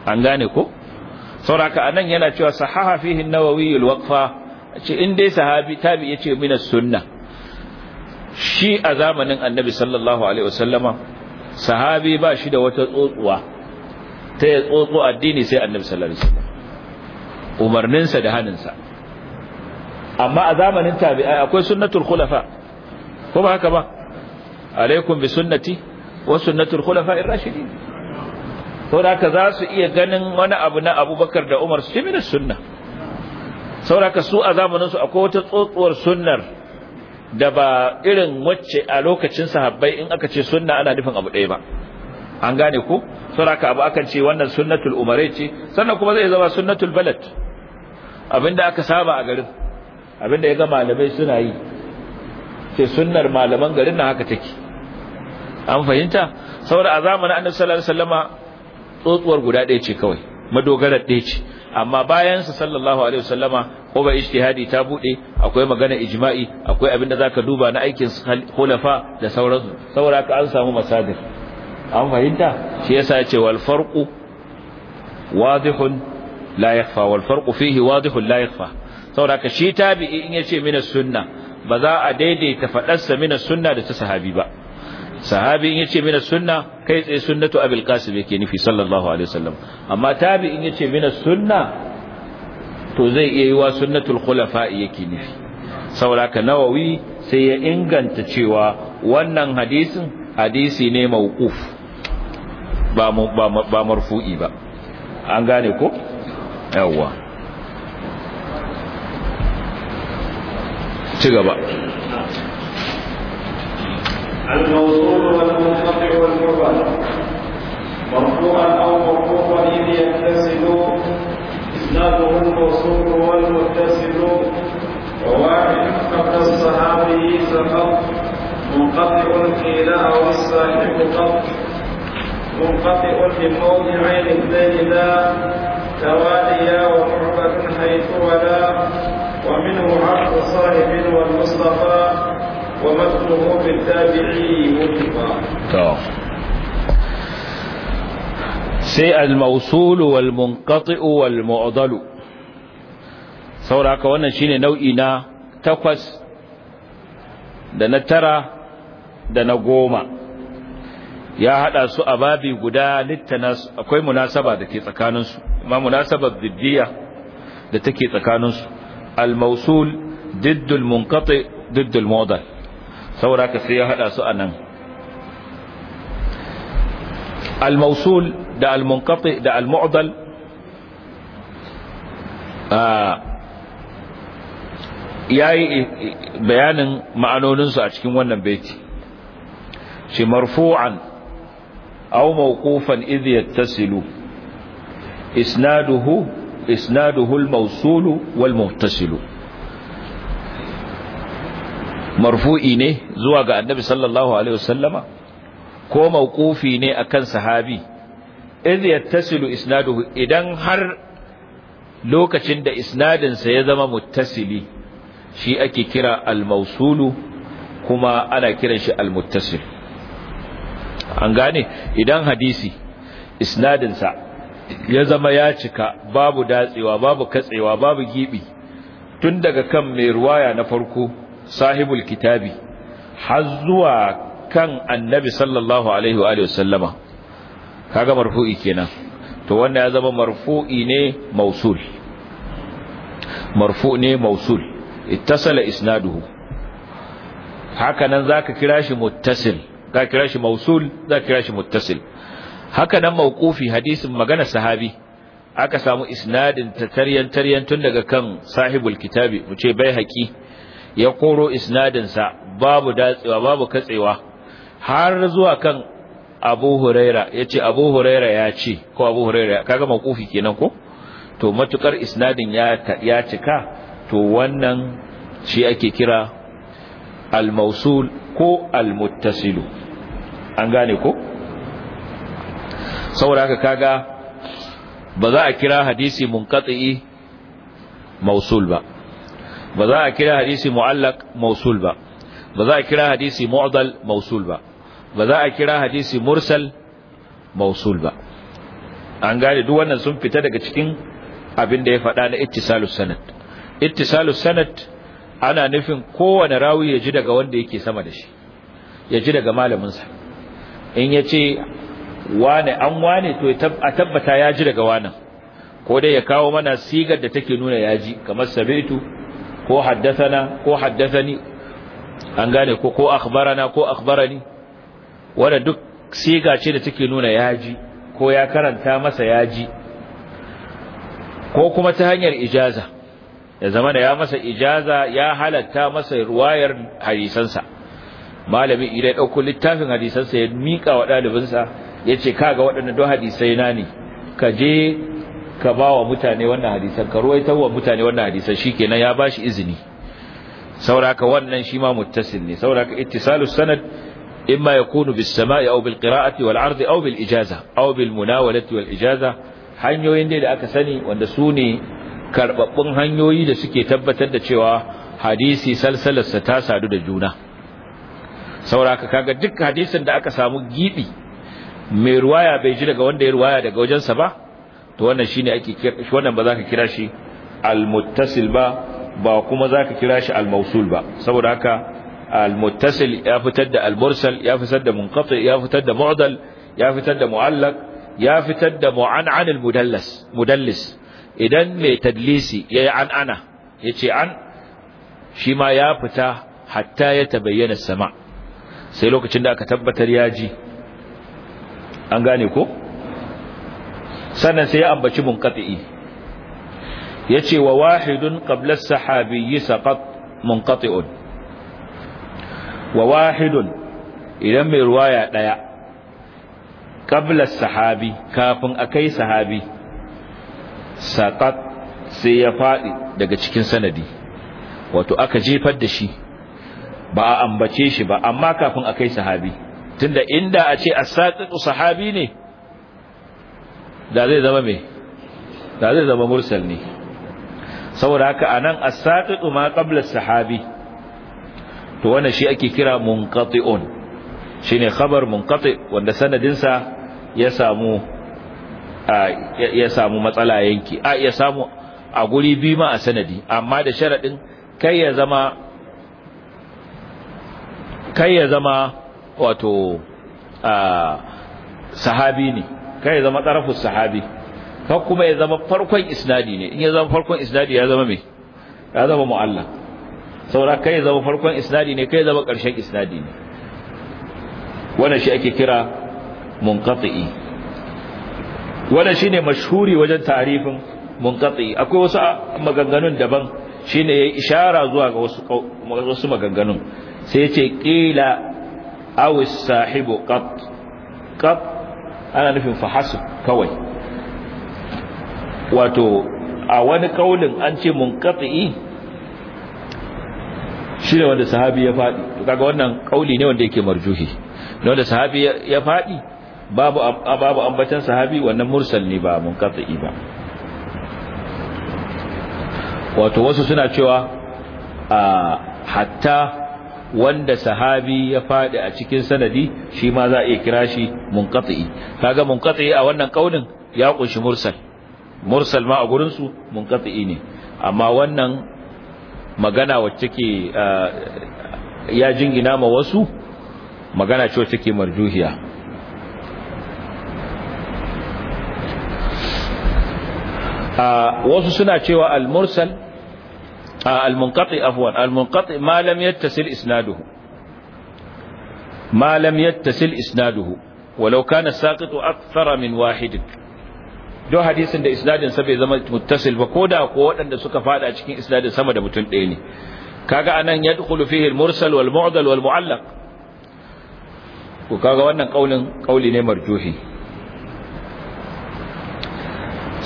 an gane ko sauraka anan yana cewa sahaha fihi an-nawawi al-waqfa ce in dai sahabi tabi yace min sunna sunnah shi a zamanin annabi sallallahu alaihi wasallam sahabi ba shi da wata tsotsuwa ta ya tsotso addini sai annabi sallallahu alaihi wasallam umarninsa da haninsa amma a zamanin tabi'ai akwai sunnatul khulafa ko ba haka ba alaikum bi sunnati wa sunnatul khulafa'ir rashidin sauraka za su iya ganin wani abu na abubakar da umar su min sunna sauraka su a zamanin su akwai wata tsotsuwar sunnar da ba irin wacce a lokacin sahabbai in aka ce sunna ana nufin abu ɗaya ba an gane ko sauraka abu akan ce wannan sunnatul umarai ce sannan kuma zai zama sunnatul balad abinda aka saba a garin abinda ya ga malamai suna yi ce sunnar malaman garin na haka take an fahimta saboda a zamanin annabi sallallahu alaihi wasallama tsotsuwar guda ɗaya ce kawai madogarar ɗaya ce amma bayan sa sallallahu alaihi wasallama ko ba ijtihadi ta bude akwai magana ijma'i akwai abinda zaka duba na aikin khulafa da sauransu saboda ka an samu masadir an fahimta shi yasa yace wal farqu wadihun la yakhfa wal farqu fihi wadihun la yakhfa saboda ka shi tabi'i in yace mina sunna ba za a daidaita faɗarsa mina sunna da ta sahabi ba sahabi in yace mina sunna kai tsaye sunnatu abul qasim yake nufi sallallahu alaihi wasallam amma tabi in yace mina sunna to zai iya yiwa sunnatul khulafa yake nufi saboda nawawi sai ya inganta cewa wannan hadisin hadisi ne mauquf ba ba marfu'i ba an gane ko yawwa ci gaba الموصول والمنقطع او اذ اسناده الموصول وواحد الصحابي منقطع قيل او الصاحب قط منقطع في عين اثنين لا تواليا ومعبد حيث ولا ومنه عقد صاحب والمصطفى ومتنه بالتابعي مطلقا سي الموصول والمنقطع والمعضل sauraka wannan shine nau'i na takwas da na tara da na goma ya hada su a babi guda littanas akwai munasaba da ke tsakaninsu ma munasabar diddiya da take tsakaninsu al-mawsul ضد المنقطع ضد الموضع saboda ka sai ya hada su anan al-mawsul da al-munqati da al-mu'dal yayi bayanin ma'anonin a cikin wannan baiti shi marfu'an aw isnaduhu isnaduhu al-mawsulu wal marfu'i ne zuwa ga annabi sallallahu alaihi wasallama ko mawqufi ne akan sahabi idh yattasilu idan har lokacin da isnadinsa ya zama muttasili shi ake kira al kuma ana kiran shi al an gane idan hadisi isnadinsa. ya zama ya cika babu datsewa babu katsewa babu gibi tun daga kan mai ruwaya na farko sahibul kitabi har zuwa kan annabi sallallahu alaihi wa sallama kaga marfu'i kenan to wannan ya zama marfu'i ne mausul marfu ne mausul ittasala isnaduhu haka nan zaka kira shi muttasil ka kira shi mausul zaka kira shi muttasil haka nan mawqufi hadisin magana sahabi aka samu isnadin ta taryan taryan tun daga kan sahibul kitabi mu ce bai haƙi. ya koro isnadin sa babu datsewa babu katsewa har zuwa kan Abu Huraira yace Abu Huraira ya ce ko Abu Huraira kaga mawqufi kenan ko to matukar isnadin ya ya cika to wannan shi ake kira al-mawsul ko al-muttasilu an gane ko saboda haka kaga ba za a kira hadisi munqati mausul ba ba za a kira hadisi muallaq mausul ba ba za a kira hadisi mu'dal mausul ba ba za a kira hadisi mursal mausul ba an gane duk wannan sun fita daga cikin abin da ya faɗa na ittisalus sanad ittisalus sanad ana nufin kowane rawi ya ji daga wanda yake sama da shi ya ji daga malaminsa in ya ce wane an wane to a tabbata ya ji daga wanan ko dai ya kawo mana sigar da take nuna ya ji kamar sabitu ko haddathana ko haddathani an gane ko ko akhbarana ko akhbarani wanda duk siga ce da take nuna ya ji ko ya karanta masa ya ji ko kuma ta hanyar ijaza ya zama da ya masa ijaza ya halatta masa ruwayar hadisansa malami idan ya ɗauko littafin hadisansa ya miƙa wa ɗalibinsa Ya ce kaga waɗanda don hadisai na ne ka je ka ba wa mutane wannan hadisan ka ruwaita wa mutane wannan hadisan shikenan ya shi izini sauraka wannan shi ma muttasil ne sauraka ittisalus sanad imma yakunu bis sama'i aw bil qira'ati wal 'ardi bil ijaza bil munawalati wal ijaza hanyoyin dai da aka sani wanda su ne karɓaɓɓun hanyoyi da suke tabbatar da cewa hadisi salsalarsa ta sadu da juna sauraka kaga duk hadisin da aka samu gibi mai ruwaya bai ji daga wanda ya ruwaya daga wajensa ba to wannan shine ake wannan ba za ka kira shi almuttasil ba ba kuma za ka kira shi almausul ba saboda haka almuttasil ya fitar da almursal ya fitar da munqati ya fitar da mu'dal ya fitar da mu'allaq ya fitar da mu'an'an almudallis mudallis idan mai tadlisi ya yi yayi Ya ce an shi ma ya fita hatta ya tabayyana sama sai lokacin da aka tabbatar ya ji an gane ko sannan sai ya ambaci munqati yace wa wahidun qabla as-sahabiyyi saqat wa wahidun idan mai ruwaya daya qabla as-sahabi kafin akai sahabi saqat sai ya fadi daga cikin sanadi wato aka jefar da shi ba a ambace shi ba amma kafin akai sahabi tunda inda a ce as-saqiqu sahabi ne da zai zama me da zai zama mursal ne saboda haka anan as-saqiqu ma qabla as-sahabi to wannan shi ake kira munqati'un shine khabar munqati wanda sanadinsa ya samu ya samu matsala yanki a ya samu a guri biyu ma a sanadi amma da sharadin kai ya zama kai ya zama wato sahabi ne kai ya zama tarafus sahabi ka kuma ya zama farkon isnadi ne in ya zama farkon isnadi ya zama me ya zama mu'alla saboda kai ya zama farkon isnadi ne kai ya zama ƙarshen isnadi ne wannan shi ake kira munqati wannan shine mashhuri wajen tarifin munqati akwai wasu maganganun daban shine yayi ishara zuwa ga wasu wasu maganganun sai ce qila aw sahibu قط قط ana nufin fa كوي kawai wato a wani kaulin an ce munqati shi ne wanda sahabi ya wannan kauli ne wanda yake marjuhi ne wanda sahabi ya fadi babu babu ambatan sahabi wannan mursal ne ba munqati ba wato wasu suna cewa hatta wanda sahabi ya fadi a cikin sanadi shi ma za a iya kira shi munqati kaga munqati a wannan ƙaunin ya kunshi mursal mursal ma a gurin su munqati ne amma wannan magana wacce ke ya jingina ma wasu magana ce wacce ke marjuhiya wasu suna cewa al-mursal al-munqati afwan al-munqati ma lam yattasil isnaduhu ma lam yattasil isnaduhu walau kana saqitu akthara min wahid don hadisin da isnadin sa bai zama muttasil ba koda ko waɗanda suka fada cikin isnadin sama da mutum ɗaya ne kaga anan yadkhulu fihi al-mursal wal mu'dal wal mu'allaq ko kaga wannan kaulin kauli ne marjuhi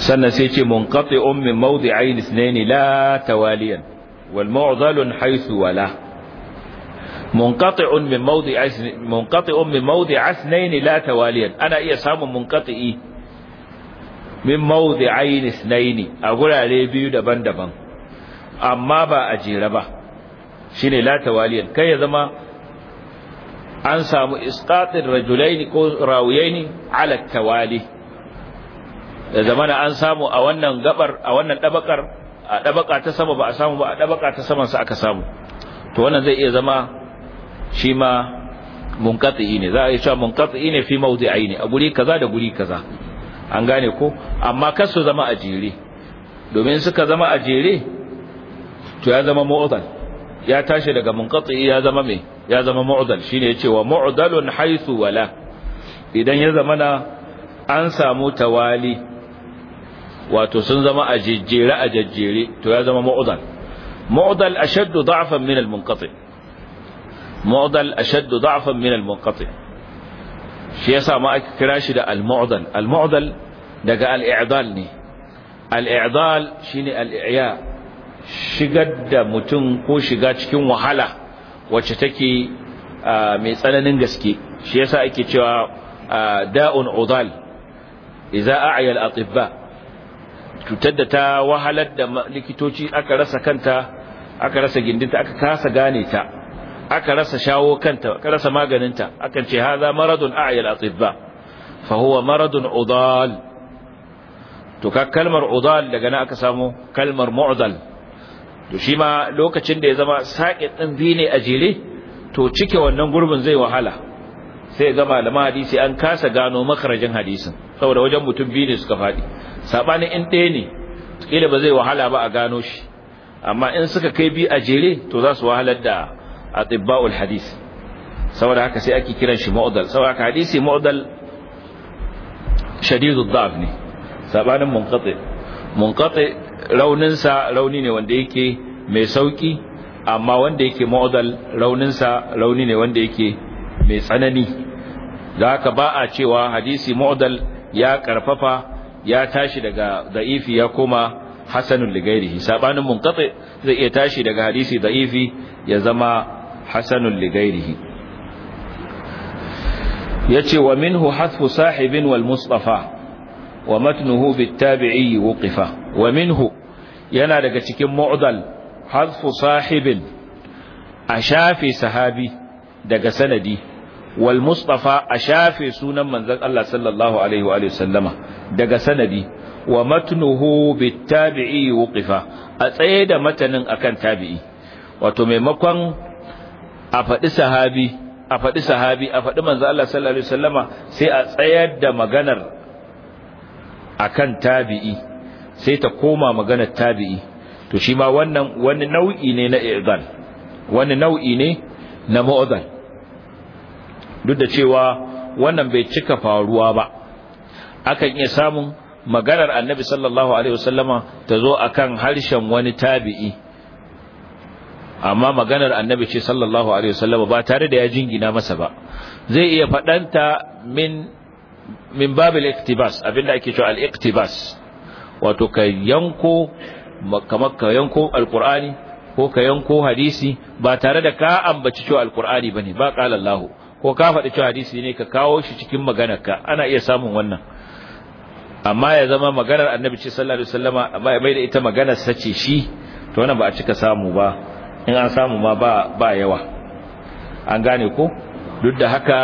sannan sai ce munqati'un min mawdi'ain ithnain la tawaliyan wal mu'dhalun haythu wala munqati'un min mawdi'ain munqati'un min mawdi'a ithnain la tawaliyan ana iya samun munqati'i min mawdi'ain ithnain a gurare biyu daban-daban amma ba a jira ba shine la tawaliyan kai ya zama an samu isqatir rajulaini ko rawiyaini ala tawali da zamana an samu a wannan gabar a wannan dabakar a dabaka ta sama ba a samu ba a dabaka ta saman sa aka samu to wannan zai iya zama shi ma munqati ne za a yi cewa munqati ne fi mawdi'aini a guri kaza da guri kaza an gane ko amma kar su zama a jere domin suka zama a jere to ya zama mu'dal ya tashi daga munqati ya zama me ya zama mu'dal shine yace wa mu'dalun haythu wala idan ya zamana an samu tawali wato sun zama a jejjere a jejjere to ya zama mu'dal mu'dal ashaddu da'fan min al-munqati mu'dal ashaddu da'fan min al-munqati shi yasa ma aka kira shi da al-mu'dal al-mu'dal daga al-i'dal ne al-i'dal shine al-i'ya shigar da mutum ko shiga cikin wahala wacce take mai tsananin gaske shi yasa ake cewa da'un udal idza a'ya al-atibba cutar da ta wahalar da likitoci aka rasa kanta aka rasa gindinta aka kasa gane ta aka rasa shawo kanta aka rasa maganinta akan ce haza maradun a'yal atibba fa huwa maradun udal to ka kalmar udal daga nan aka samu kalmar mu'dal to shi ma lokacin da ya zama sake din bi ne a jere to cike wannan gurbin zai wahala sai ga malaman hadisi an kasa gano makarajin hadisin saboda wajen mutum biyu ne suka faɗi sabanin in ɗaya ne ƙila ba zai wahala ba a gano shi amma in suka kai bi a jere to za su wahalar da tsibba'ul hadis saboda haka sai ake kiran shi ma'udal saboda haka hadisi ma'udal shadidu da'f ne sabanin munqati munqati rauninsa rauni ne wanda yake mai sauki amma wanda yake ma'udal rauninsa rauni ne wanda yake mai tsanani da haka ba a cewa hadisi ma'udal ya karfafa ya tashi daga da'ifi ya koma hasanun ligairihi sabanin munqati zai iya tashi daga hadisi da'ifi ya zama hasanun ligairihi ce wa minhu hasfu sahibin wal mustafa wa matnuhu bittabi'i tabi'i wuqifa wa minhu yana daga cikin mu'dal hasfu sahibin a shafi sahabi daga sanadi wal mustafa a shafe sunan manzon Allah sallallahu alaihi wa sallama daga sanadi wa matnuhu bitabi'i wuqifa a tsaye da matanin akan tabi'i wato maimakon a faɗi sahabi a faɗi sahabi a faɗi manzon Allah sallallahu alaihi wa sallama sai a tsayar da maganar akan tabi'i sai ta koma maganar tabi'i to shi ma wannan wani nau'i ne na i'zan wani nau'i ne na mu'zan duk da cewa wannan bai cika faruwa ba akan iya samun maganar annabi sallallahu alaihi wasallama ta zo akan harshen wani tabi'i amma maganar annabi ce sallallahu alaihi wasallama ba tare da ya jingina masa ba zai iya fadanta min min babil iktibas abinda ake cewa al-iktibas wato ka yanko kamar ka yanko alqur'ani ko ka yanko hadisi ba tare da ka ambaci cewa alqur'ani bane ba qala Allahu ko ka faɗi cewa hadisi ne ka kawo shi cikin maganarka ana iya samun wannan amma ya zama maganar annabi ce sallallahu alaihi wasallama amma ya bai da ita maganar sace shi to wannan ba a cika samu ba in an samu ma ba ba yawa an gane ko duk da haka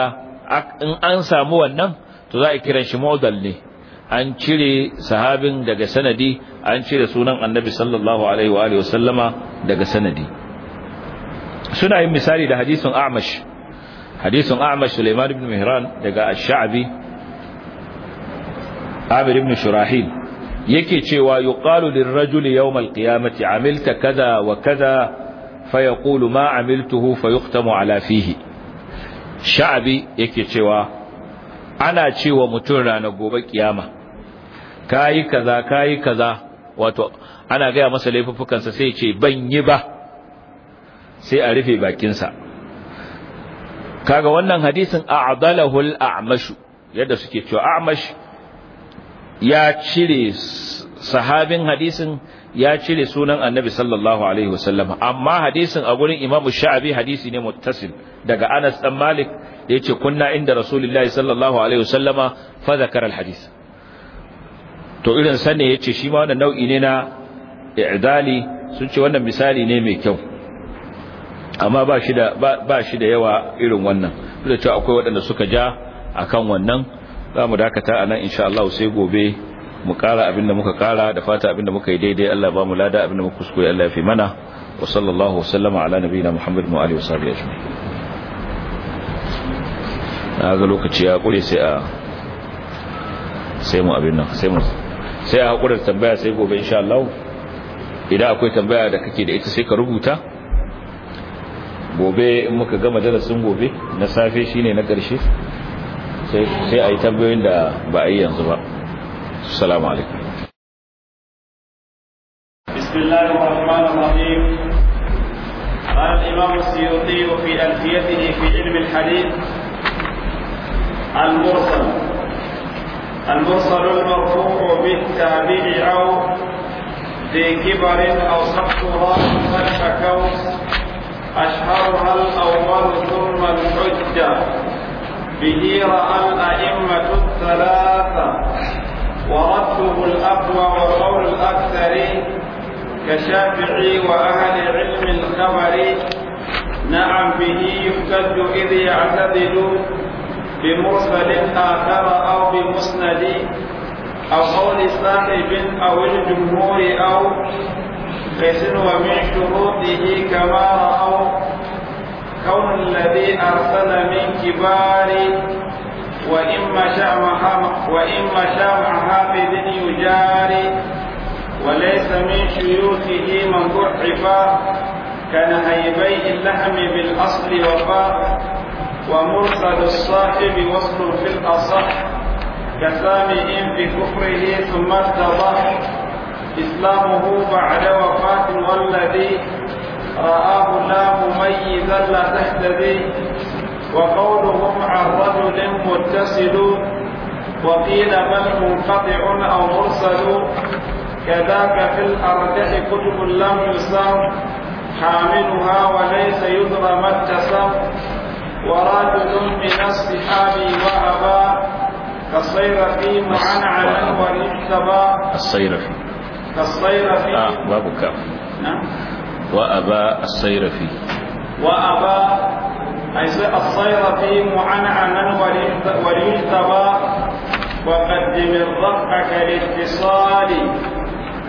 in an samu wannan to za a kiran shi model ne an cire sahabin daga sanadi an cire sunan annabi sallallahu alaihi wa alihi wasallama daga sanadi suna yin misali da hadisin amash hadisin Amash Sulaiman ibn Mihran daga Ash-Sha'bi Amir ibn Shurahil yake cewa yuqalu lirrajuli yawm al-qiyamati amilta kaza wa kaza fayaqulu ma amiltuhu fayuqtamu ala fihi Sha'bi yake cewa ana cewa mutum ranar gobe kiyama kayi kaza kayi kaza wato ana gaya masa sa sai ce ban yi ba sai a rufe bakinsa kaga wannan hadisin a'dalahu al-a'mash yadda suke cewa a'mash ya cire sahabin hadisin ya cire sunan annabi sallallahu alaihi wasallam amma hadisin a gurin imam sha'abi hadisi ne muttasil daga anas dan malik da yace kunna inda rasulullahi sallallahu alaihi wasallama fa zakara alhadis to irin sane yace shi ma wannan nau'i ne na i'dali sun ce wannan misali ne mai kyau amma ba shi da ba shi da yawa irin wannan da cewa akwai waɗanda suka ja akan wannan za mu dakata a nan insha Allah sai gobe mu ƙara da muka ƙara da fata abin da muka yi daidai Allah ba mu lada abin da muka kuskure Allah ya fi mana wa sallallahu wasallama ala nabiyina Muhammad wa alihi wa sahbihi ajma'in na ga lokaci ya kure sai a sai mu abin nan sai mu sai a hakura tambaya sai gobe insha Allah idan akwai tambaya da kake da ita sai ka rubuta gobe in muka gama darasin gobe na safe shine na ƙarshe sai sai yi tambayoyin da ba a yi yanzu ba assalamu alaikum bismillahir rahmanir rahim قال الإمام السيوطي وفي ألفيته في علم الحديث المرسل المرسل المرفوع بالتابع أو ذي كبر أو سقط خلف كوس أشهرها الأول ثم الحجة به رأى الأئمة الثلاثة ورده الأقوى وقول الأكثر كشافعي وأهل علم الخبر نعم به يحتج إذ يعتدل بمرسل آخر أو بمسند أو قول صاحب أو الجمهور أو قسم ومن شروطه كما رأوا كون الذي أرسل من كبار وإما شامها وإما شامها بذن يجاري وليس من شيوخه من ضعفا هيبي اللحم بالأصل وفاء ومرسل الصاحب وصل في الأصح كسامئ بكفره ثم اتضح إسلامه بعد وفاة والذي رآه لا مميزا لا تهتدي وقولهم عن رجل متصل وقيل من منقطع أو مرسل كذاك في الأرجح كتب لم يسر حاملها وليس يدرى ما اتسم ورجل من الصحاب وأبى كالصيرفي معنعنا وللتبى الصيرفي في آه باب كاف نعم الصير في وأبا أي الصيرفي من وليلتبى وقدم الرفعك للاتصال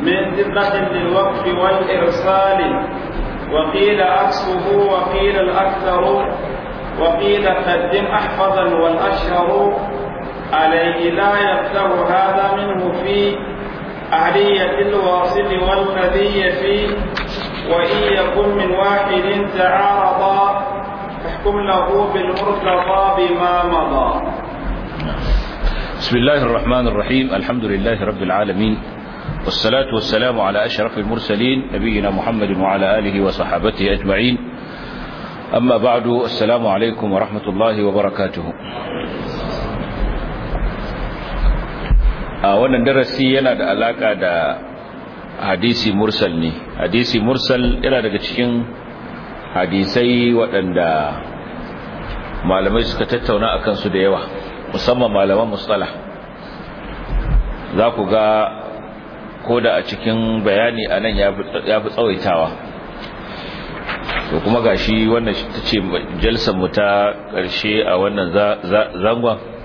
من دقة للوقف والإرسال وقيل عكسه وقيل الأكثر وقيل قدم أحفظا والأشهر عليه لا يفتر هذا منه في أهلية الواصل والمذي فيه وإن يكن من واحد تعارضا فاحكم له بالمرتضى بما مضى بسم الله الرحمن الرحيم الحمد لله رب العالمين والصلاة والسلام على أشرف المرسلين نبينا محمد وعلى آله وصحابته أجمعين أما بعد السلام عليكم ورحمة الله وبركاته a wannan darasi yana da alaka da hadisi mursal ne hadisi mursal yana daga cikin hadisai waɗanda malamai suka tattauna a kansu da yawa musamman malaman mustala za ku ga ko da a cikin bayani a nan ya fi tsawaitawa to kuma gashi wannan ta ce mu ta ƙarshe a wannan zangon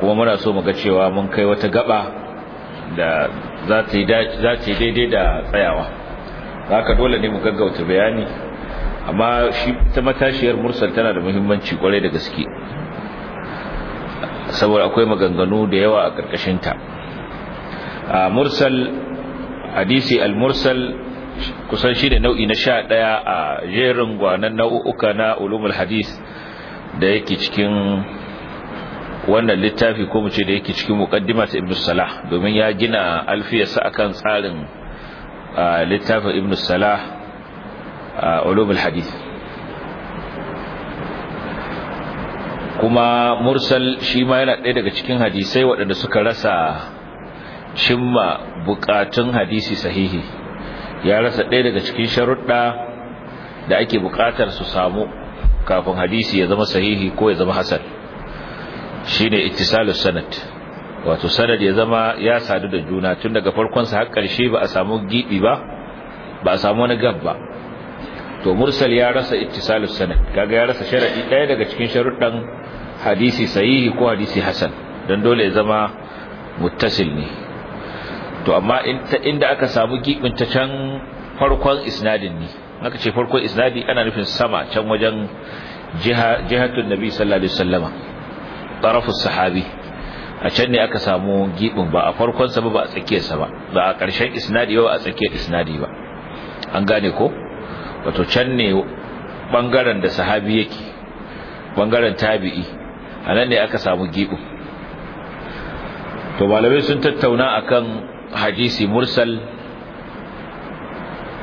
kuma muna so mu ga cewa mun kai wata gaba da za ta yi daidai da tsayawa haka dole ne mu gaggauta bayani amma shi ta matashiyar mursal tana da muhimmanci kwarai da gaske saboda akwai maganganu da yawa a ƙarƙashinta a mursal hadisi al-mursal kusan shi da nau'i na sha ɗaya a jerin gwanan nau'uka na ulumul hadis da yake cikin wannan littafi ko mu ce da yake cikin muqaddima ta ibnu salah domin ya gina alfiyarsa akan tsarin littafin ibnu salah ulumul hadith kuma mursal shi ma yana ɗaya daga cikin hadisai waɗanda suka rasa cimma bukatun hadisi sahihi ya rasa ɗaya daga cikin sharuɗa da ake bukatar su samu kafin hadisi ya zama sahihi ko ya zama hasan shine ittisalus sanad wato sanad ya zama ya sadu da juna tun daga farkon sa har karshe ba a samu gibi ba ba a samu wani gab ba to mursal ya rasa ittisalus sanad kaga ya rasa sharadi daya daga cikin sharuddan hadisi sahihi ko hadisi hasan dan dole ya zama muttasil ne to amma inda aka samu gibin ta can farkon isnadin ne aka ce farkon isnadi ana nufin sama can wajen jihatun nabi sallallahu alaihi wasallama tarafus sahabi a can ne aka samu gibin ba a farkon sa ba ba a tsakiyar sa ba ba a ƙarshen isnadi ba a tsakiyar isnadi ba an gane ko wato can ne bangaren da sahabi yake bangaren tabi'i anan ne aka samu gibin to malamai sun tattauna akan hadisi mursal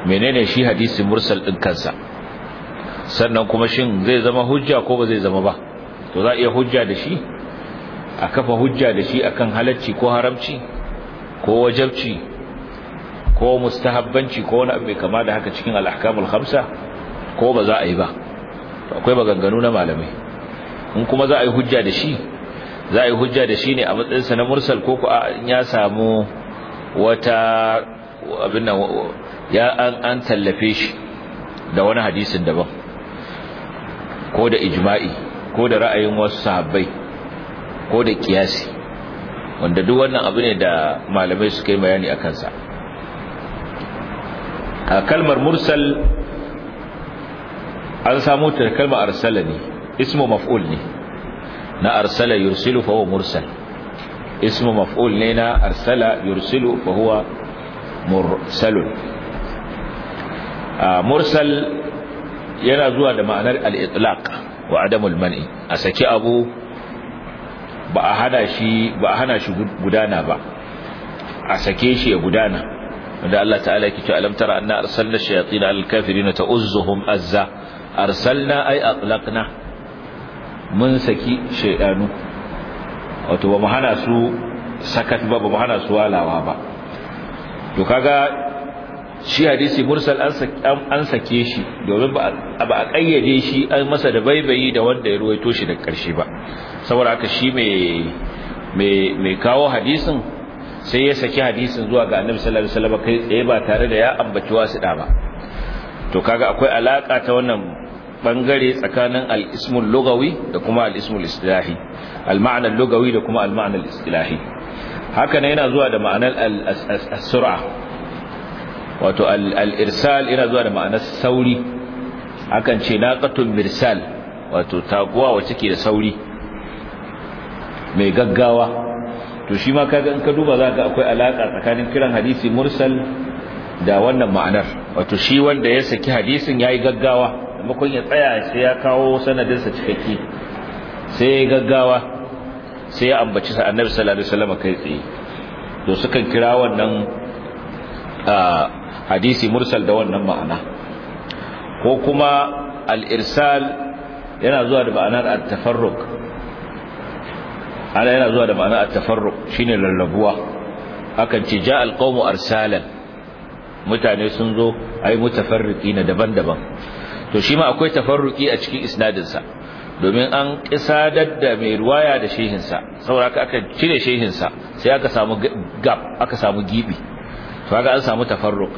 menene shi hadisi mursal din kansa sannan kuma shin zai zama hujja ko ba zai zama ba to za a iya hujja da shi a kafa hujja da shi akan halacci ko haramci ko wajabci ko mustahabbanci ko wani abu mai kama da haka cikin al'akamul khamsa ko ba za a yi ba akwai maganganu na malamai in kuma za a yi hujja da shi za a yi hujja da shi ne a matsayinsa na mursal ko ku ya samu wata abin nan ya an an tallafe shi da wani hadisin daban ko da ijma'i ko da ra'ayin wasu sahabbai ko da kiyasi wanda duk wannan abu ne da malamai su kai bayani a kansa a kalmar mursal an samu ta kalmar arsala ne ismu maf'ul ne na arsala yursilu fa huwa mursal ismu maf'ul ne na arsala yursilu fa huwa mursal mursal yana zuwa da ma'anar al-itlaq wa adamul man'i a saki abu ba a hana shi ba a hana shi gudana ba a sake shi ya gudana wanda Allah ta'ala yake cewa alam tara anna arsalna shayatin al kafirin ta'uzzuhum azza arsalna ay atlaqna mun saki shaydanu wato ba mu hana su sakat ba ba mu hana su walawa ba to kaga shi hadisi mursal an sake shi domin ba a kayyade shi an masa da baibayi da wanda ya ruwaito shi da karshe ba saboda haka shi mai kawo hadisin sai ya saki hadisin zuwa ga annabi sallallahu alaihi wasallam kai tsaye ba tare da ya ambaci wasu da ba to kaga akwai alaka ta wannan bangare tsakanin al-ismul lugawi da kuma al-ismul istilahi al-ma'na al-lugawi da kuma al-ma'na al-istilahi haka ne yana zuwa da ma'anar as-sur'a wato al-irsal ina zuwa da ma'anar sauri akan ce naqatul mirsal wato taguwa wacce ke da sauri mai gaggawa to shi ma kaga in ka duba zaka akwai alaka tsakanin kiran hadisi mursal da wannan ma'anar wato shi wanda ya saki hadisin yi gaggawa makon ya tsaya sai ya kawo sanadin sa cikakke sai ya gaggawa sai ya ambaci sa annabi sallallahu alaihi wasallam kai tsaye to sukan kira wannan ah, hadisi mursal da wannan ma'ana ko kuma al-irsal yana zuwa da ma'anar at-tafarruq ala yana zuwa da ma'anar at shi shine lallabuwa akan ce ja al arsalan mutane sun zo ai na daban-daban to shi ma akwai tafarruki a cikin isnadinsa domin an ƙisadar da mai ruwaya da shehinsa saboda aka cire shehinsa sai aka samu gab aka samu gibi to kaga an samu tafarruk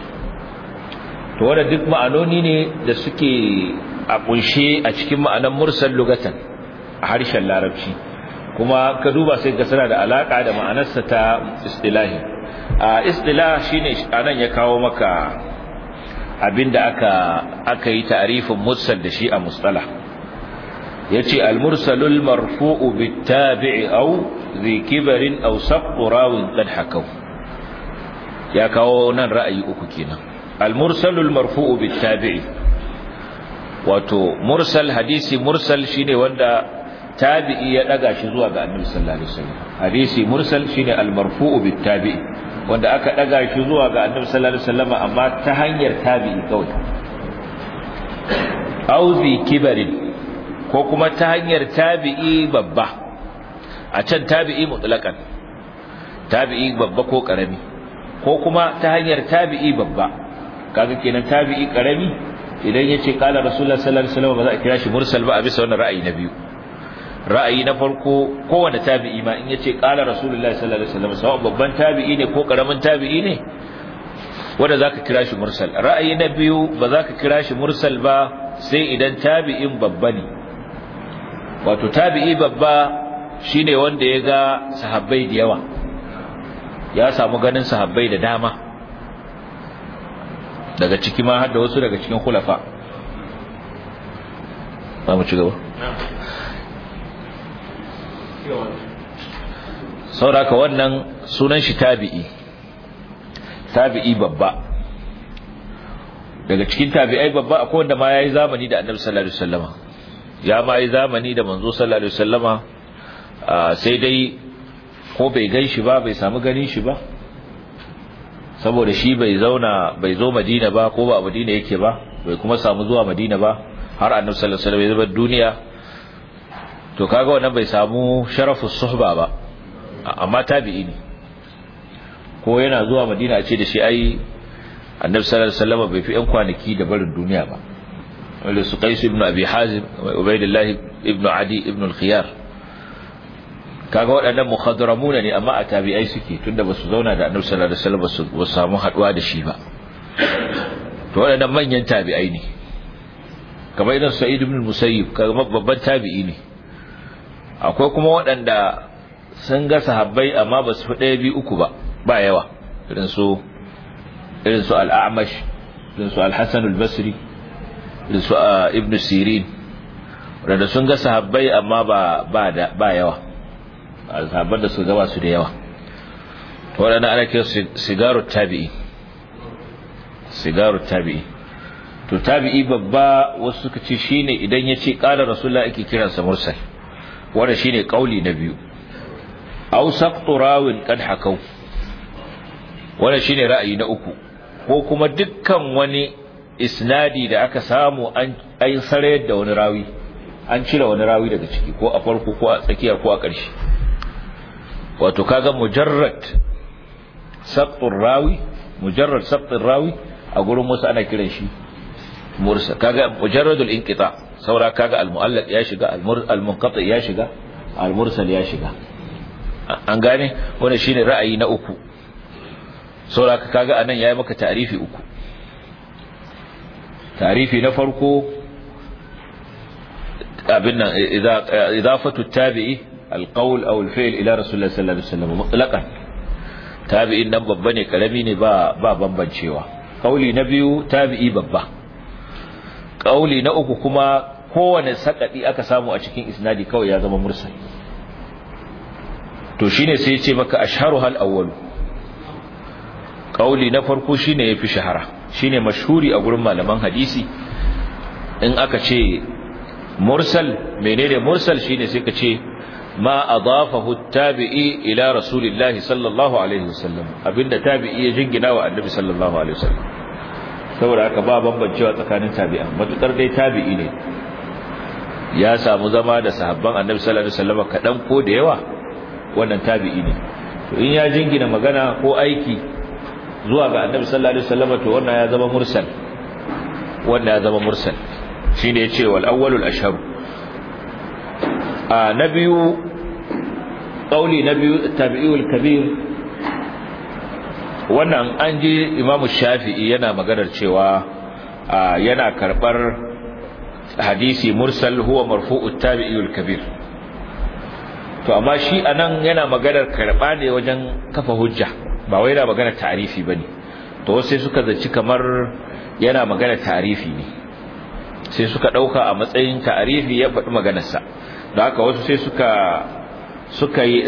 to wanda duk ma'anoni ne da suke a kunshe a cikin ma'anan mursal lugatan a harshen larabci kuma ka duba sai ka sana da alaka da ma'anarsa ta istilahi a istilah shine anan ya kawo maka abinda aka aka yi ta'rifin mursal da shi a mustalah yace al-mursalul marfu'u bit-tabi'i aw ذي كبر أو سق راو قد حكوا ya kawo nan ra'ayi uku kenan al-mursalul marfu'u tabii wato mursal hadisi mursal shine wanda tabi'i ya daga shi zuwa ga annabi sallallahu alaihi wasallam hadisi mursal shine al-marfu'u bit-tabi'i wanda aka daga shi zuwa ga annabi sallallahu alaihi wasallam amma ta hanyar tabi'i kawai auzi kibarin ko kuma ta hanyar tabi'i babba a can tabi'i mutlaqan tabi'i babba ko karami ko kuma ta hanyar tabi'i babba kaga kenan tabi'i karami idan yace kala rasulullahi sallallahu alaihi wasallam ba za a kira shi mursal ba a bisa wannan ra'ayi na biyu ra'ayi na farko kowane tabi'i ma in yace kala rasulullahi sallallahu alaihi wasallam sawa babban tabi'i ne ko karamin tabi'i ne wanda zaka kira shi mursal ra'ayi na biyu ba ka kira shi mursal ba sai idan tabi'in babba ne wato tabi'i babba shine wanda ya ga sahabbai da yawa ya samu ganin sahabbai da dama daga ciki ma har da wasu daga cikin khulafa ba mu ci gaba sauraka wannan sunan shi tabi'i tabi'i babba daga cikin tabi'ai babba akwai wanda ma yayi zamani da Annabi sallallahu alaihi wasallama ya ma yayi zamani da manzo sallallahu alaihi wasallama ah, sai dai ko bai gan shi ba bai samu ganin shi ba saboda shi bai zauna bai zo madina ba ko ba madina yake ba bai kuma samu zuwa madina ba har annabi sallallahu alaihi wasallam ya zama duniya to kaga wannan bai samu sharafu suhba ba amma tabi'i ne ko yana zuwa madina a ce da shi ai annabi sallallahu alaihi wasallam bai fi yan kwanaki da barin duniya ba wanda su qais ibn abi hazim ubaydillah ibn adi ibn al-khiyar kaga waɗannan mukhadramuna ne amma a tabi'ai suke tunda ba su zauna da annabi sallallahu alaihi wasallam ba su samu haɗuwa da shi ba to waɗannan manyan tabi'ai ne kamar idan sa'id ibn musayyib kaga babban tabi'i ne akwai kuma waɗanda sun ga sahabbai amma ba su fi ɗaya biyu uku ba ba yawa irin su irin su al-a'mash irin su al-hasan al-basri irin su ah, ibn sirin wanda sun ga sahabbai amma ba ba yawa azhabar da su gaba su da yawa waɗanda ana kira sigaru tabi'i sigaru tabi'i to tabi'i babba wasu suka ce shine idan ya ce ƙara rasulullah ake kiransa mursal wanda shine kauli na biyu aw saqtu rawin kad hakau wanda shine ra'ayi na uku ko kuma dukkan wani isnadi da aka samu an ayin sarayar da wani rawi an cire wani rawi daga ciki ko a farko ko a tsakiya ko a ƙarshe wato kaga mujarrad sabtun rawi mujarrad sabtun rawi a gurin wasu ana kiran shi mursa kaga mujarradul inqita saura kaga al almuallaq ya shiga al almunqati ya shiga al almursal ya shiga an gane wannan shine ra'ayi na uku saura kaga anan yayi maka ta'rifi uku ta'rifi na farko abin nan idafatu tabi'i alqaul aw alfi'l ila rasulullah sallallahu alaihi wasallam mutlaqan tabi'in nan babba ne karami ne ba ba bambancewa kauli na biyu tabi'i babba kauli na uku kuma kowane sakadi aka samu a cikin isnadi kawai ya zama mursal to shine sai ya ce maka ashharu hal Auwalu. kauli na farko shine yafi shahara shine mashhuri a gurin malaman hadisi in aka ce mursal menene mursal shine sai ka ce ما أضافه التابعي إلى رسول الله صلى الله عليه وسلم أبن تابعي جنجنا والنبي صلى الله عليه وسلم saboda haka ba bambancewa tsakanin tabia matukar dai tabi'i ne ya samu zama da sahabban annabi sallallahu alaihi wasallam kadan ko da yawa wannan tabi'i ne to in ya jingina magana ko aiki zuwa ga annabi sallallahu alaihi wasallam to wannan ya zama mursal wannan ya zama mursal shine yace wal awwalul ashhar na biyu ƙauli na biyu tabi'ul kabir wannan an ji imamu shafi'i yana maganar cewa yana karɓar hadisi mursal huwa marfu'ut tabi'ul kabir to amma shi anan yana maganar karɓa ne wajen kafa hujja ba wai yana maganar ta'arifi bane to sai suka zaci kamar yana maganar ta'arifi ne sai suka ɗauka a matsayin ta'arifi ya faɗi maganarsa da haka wasu sai suka suka yi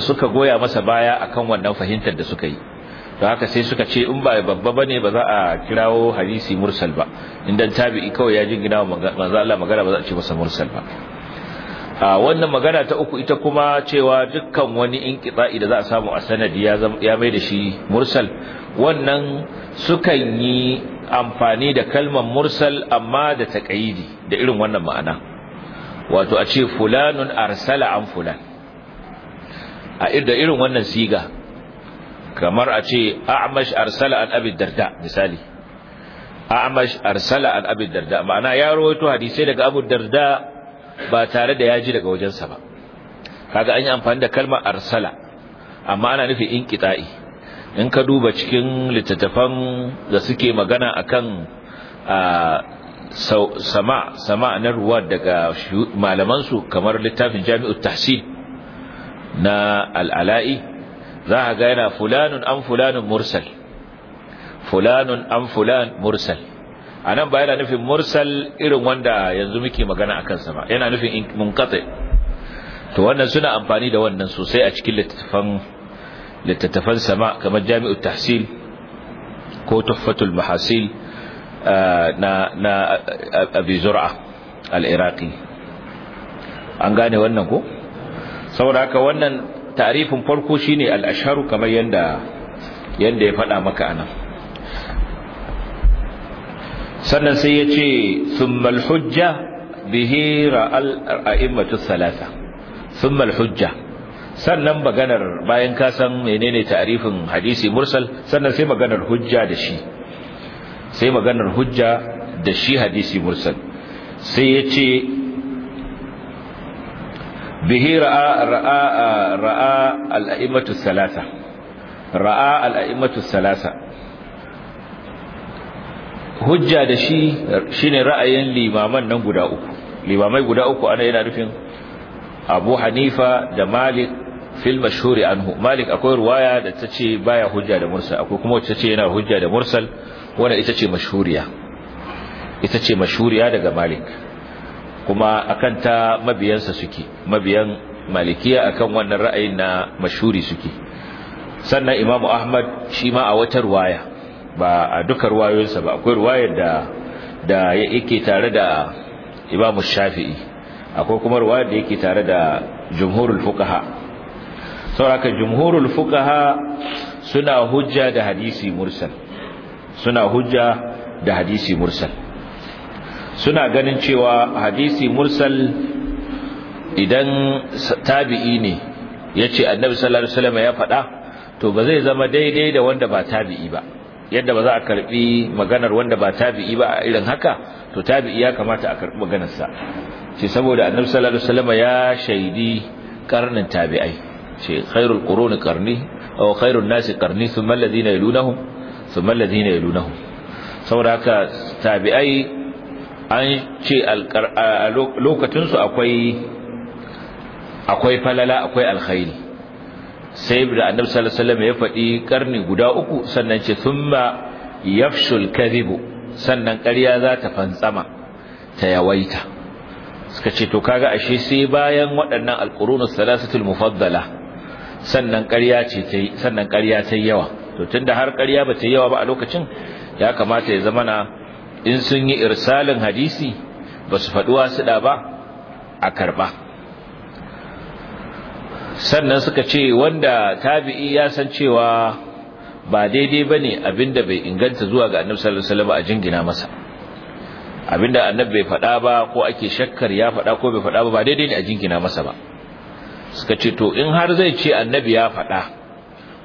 suka goya masa baya akan wannan fahimtar da suka yi da haka sai suka ce in ba babba bane ba za a kirawo hadisi mursal ba indan tabi'i kawai ya jingina manzo Allah magana ba za a ce masa mursal ba a wannan magana ta uku ita kuma cewa dukkan wani inqita'i da za a samu a sanadi ya ya mai da shi mursal wannan sukan yi amfani da kalmar mursal amma da taqayidi da irin wannan ma'ana wato a ce fulanun arsala an fulan a da irin wannan siga kamar a ce a'mash arsala an abi darda misali a'mash arsala an abi darda ma'ana ya rawaito hadisi daga abu darda ba tare da ya ji daga wajensa ba kaga an yi amfani da kalmar arsala amma ana nufin inqita'i in ka duba cikin littattafan da suke magana akan sama sama na ruwa daga malamansu kamar littafin jami'ut tahsin na al'ala'i za a ga yana fulanun an fulanun mursal fulanun an fulan mursal a nan ba yana nufin mursal irin wanda yanzu muke magana a kansa ba yana nufin munkatse to wannan suna amfani da wannan sosai a cikin littattafan sama kamar jami'u tahsil ko tuhfatul mahasil na na abi zur'a al an gane wannan ko saboda haka wannan tarifin farko shine al-asharu kamar yanda yanda ya faɗa maka anan sannan sai ya ce summal hujja bihi ra'al a'immatu sun summal hujja sannan maganar bayan ka san menene tarifin hadisi mursal sannan sai maganar hujja da shi sai maganar hujja da shi hadisi mursal sai ya ce bihi ra'a ra'a ra'a al'aimatu salasa ra'a al'aimatu salasa hujja da shi shine ra'ayin limaman nan guda uku limamai guda uku ana yana nufin Abu Hanifa da Malik fil mashhuri anhu Malik akwai ruwaya da tace baya hujja da mursal akwai kuma wacce tace yana hujja da mursal wannan ita ce mashuriya ita ce mashuriya daga malik kuma akan ta mabiyansa suke mabiyan malikiya akan wannan ra'ayin na mashuri suke sannan imamu ahmad shi ma a wata ruwaya ba a duka ruwayoyinsa ba akwai ruwayar da da yake tare da imamu shafi'i akwai kuma ruwayar da yake tare da jumhurul fuqaha sauraka jumhurul fukaha suna hujja da hadisi mursal suna hujja da hadisi mursal suna ganin cewa hadisi mursal idan tabi'i ne yace annabi sallallahu alaihi wasallam ya faɗa to ba zai zama daidai da wanda ba tabi'i ba yadda ba za a karbi maganar wanda ba tabi'i ba irin haka to tabi'i ya kamata a karbi maganar sa ce saboda annabi sallallahu alaihi wasallam ya shaidi karnin tabi'ai ce khairul quruni qarni aw khairun nasi qarni thumma alladhina yalunahum thumma alladhina yalunahu saboda haka tabi'ai an ce lokacin su akwai falala akwai alkhairi sai da annab sallallahu alaihi ya faɗi ƙarni guda uku sannan ce thumma yafshul kadhibu sannan ƙarya za ta fantsama ta yawaita suka ce to kaga ashe sai bayan waɗannan alqurunus salasatul mufaddala sannan ƙarya ce sannan ƙarya ta yawa to tunda har ƙarya ba ta yawa ba a lokacin ya kamata ya zama na in sun yi irsalin hadisi ba su faɗi suɗa ba a karɓa sannan suka ce wanda tabi'i ya san cewa ba daidai ba ne abinda bai inganta zuwa ga annabi sallallahu alaihi wasallam a jingina masa abinda annabi bai faɗa ba ko ake shakkar ya faɗa ko bai faɗa ba ba daidai ne a jingina masa ba suka ce to in har zai ce annabi ya faɗa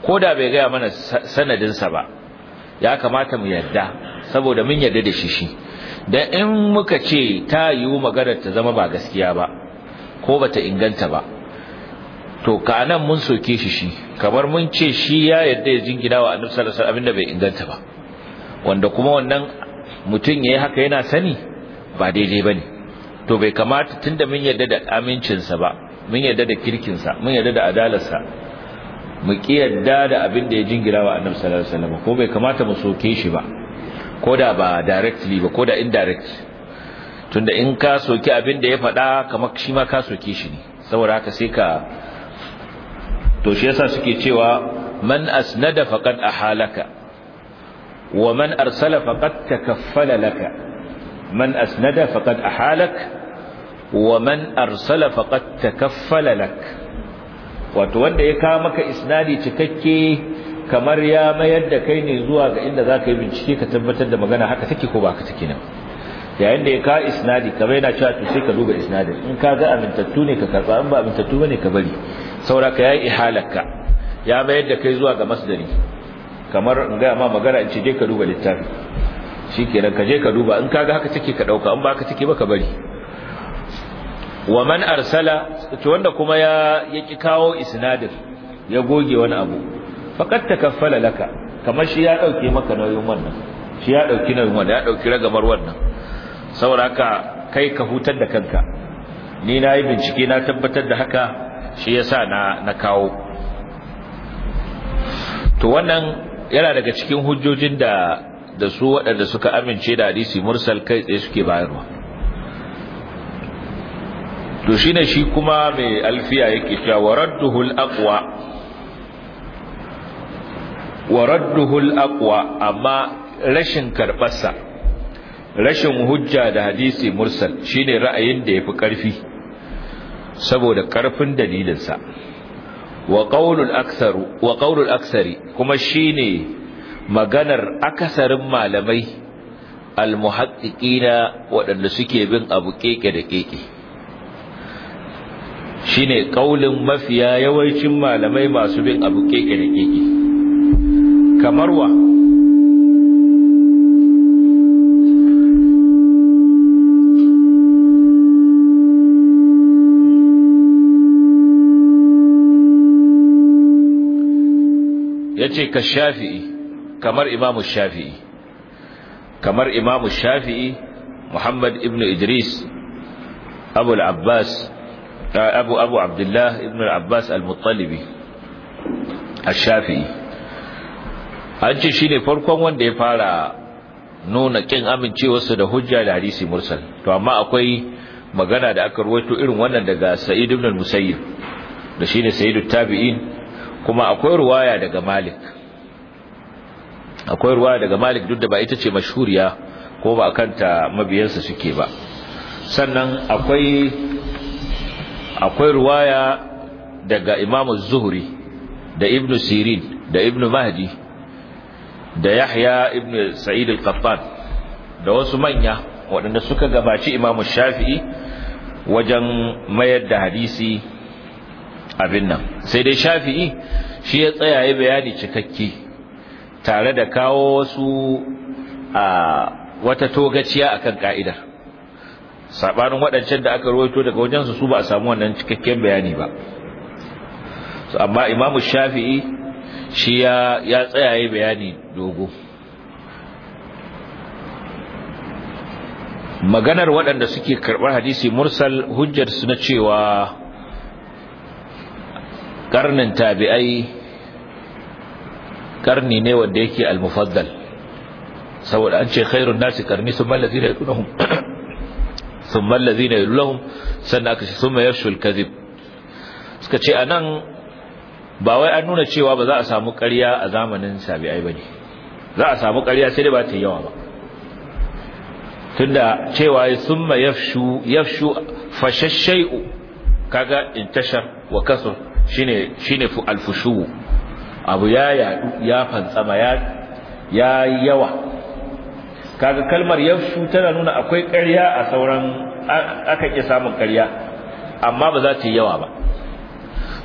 ko da bai gaya mana sanadinsa ba ya kamata mu yarda saboda mun yarda da shi shi da in muka ce ta yiwu maganar ta zama ba gaskiya ba ko bata inganta ba to ka mun soke shi shi kamar mun ce shi ya yarda ya jingina wa annabi sallallahu alaihi wasallam abinda bai inganta ba wanda kuma wannan mutum yayi haka yana sani ba daidai bane to bai kamata tunda mun yarda da amincinsa ba mun yarda da kirkinsa mun yarda da adalarsa mu kiyarda da abin da ya jingira wa annabi sallallahu alaihi wasallam ko bai kamata mu soke shi ba ko da ba directly ba ko da indirect tunda in ka soki abin da ya faɗa kamar shi ma ka soke shi ne saboda haka sai ka to shi yasa suke cewa man asnada faqad ahalaka wa man arsala faqad takaffala laka man asnada faqad ahalak wa man arsala faqad takaffala laka wato wanda ya kawo maka isnadi cikakke kamar ya mayar da kai ne zuwa ga inda za ka yi bincike ka tabbatar da magana haka take ko ba ka take nan yayin da ya kawo isnadi kamar yana cewa to sai ka duba isnadin in ka ga amintattu ne ka karba in ba amintattu bane ka bari saura ka yayi ihalaka ya mayar da kai zuwa ga masdari kamar in ga ma magana in ce je ka duba littafi shikenan ka je ka duba in ka ga haka take ka dauka in ba haka take ba ka bari wa man arsala to wanda kuma ya yaki kawo isnadin ya goge wani abu faqad takaffala laka kamar shi ya dauke maka nauyin wannan shi ya dauki nauyin wannan ya dauki ragamar wannan saboda haka kai ka hutar da kanka ni nayi bincike na tabbatar da haka shi yasa na na kawo to wannan yana daga cikin hujjojin da da su waɗanda suka amince da hadisi mursal kai tsaye suke bayarwa to shine shi kuma mai alfiya yake cewa waradduhu aqwa waradduhu amma rashin karbarsa rashin hujja da hadisi mursal shine ra'ayin da yafi karfi saboda karfin dalilinsa wa qaulul aktharu wa qaulul akthari kuma shine maganar akasarin malamai al-muhaddiqina waɗanda suke bin abu keke da keke shine kaulin mafiya yawancin malamai masu bin abu keke da keke kamar wa yace ka shafi'i kamar imamu shafi'i kamar imamu shafi'i muhammad ibnu idris abul abbas abu abu abdullah ibn al-abbas al-muttalibi ash-shafi'i an ce shine farkon wanda ya fara nuna kin amincewarsa da hujja da hadisi mursal to amma akwai magana da aka ruwaito irin wannan daga sa'id ibn al-musayyib da shine tabi'in kuma akwai ruwaya daga malik akwai ruwaya daga malik duk da ba ita ce mashuriya ko ba a kanta mabiyansa suke ba sannan akwai akwai ruwaya daga imamu zuhuri da ibnu sirin da ibnu mahdi da yahya ibnu sa'id al-qattan da wasu manya waɗanda suka gabaci imamu shafi'i wajen mayar da hadisi abin nan sai dai shafi'i shi ya tsaya ya bayani cikakke tare da kawo wasu a wata togaciya akan ka'idar sabanin waɗancan da aka rawaito daga wajensu su ba a samu wannan cikakken bayani ba so amma imamu shafi'i shi ya ya tsayaye bayani dogo maganar waɗanda suke karɓar hadisi mursal hujjar su na cewa karnin tabi'ai karni ne wanda yake al-mufaddal saboda an ce khairun nasi karni sun mallazi da yadunahum ثم الذين yuluhum sannan aka ce thumma suka ce anan ba wai an nuna cewa ba za a samu ƙarya a zamanin sabi'ai bane za a samu ƙarya sai dai ba ta yawa ba tunda cewa summa yafshu yafshu fashashshai'u kaga intashar wa kasr shine shine alfushu abu ya yadu ya fantsama ya yawa kaga kalmar yafshu tana nuna akwai ƙarya a sauran akan iya samun ƙarya amma ba za ta yi yawa ba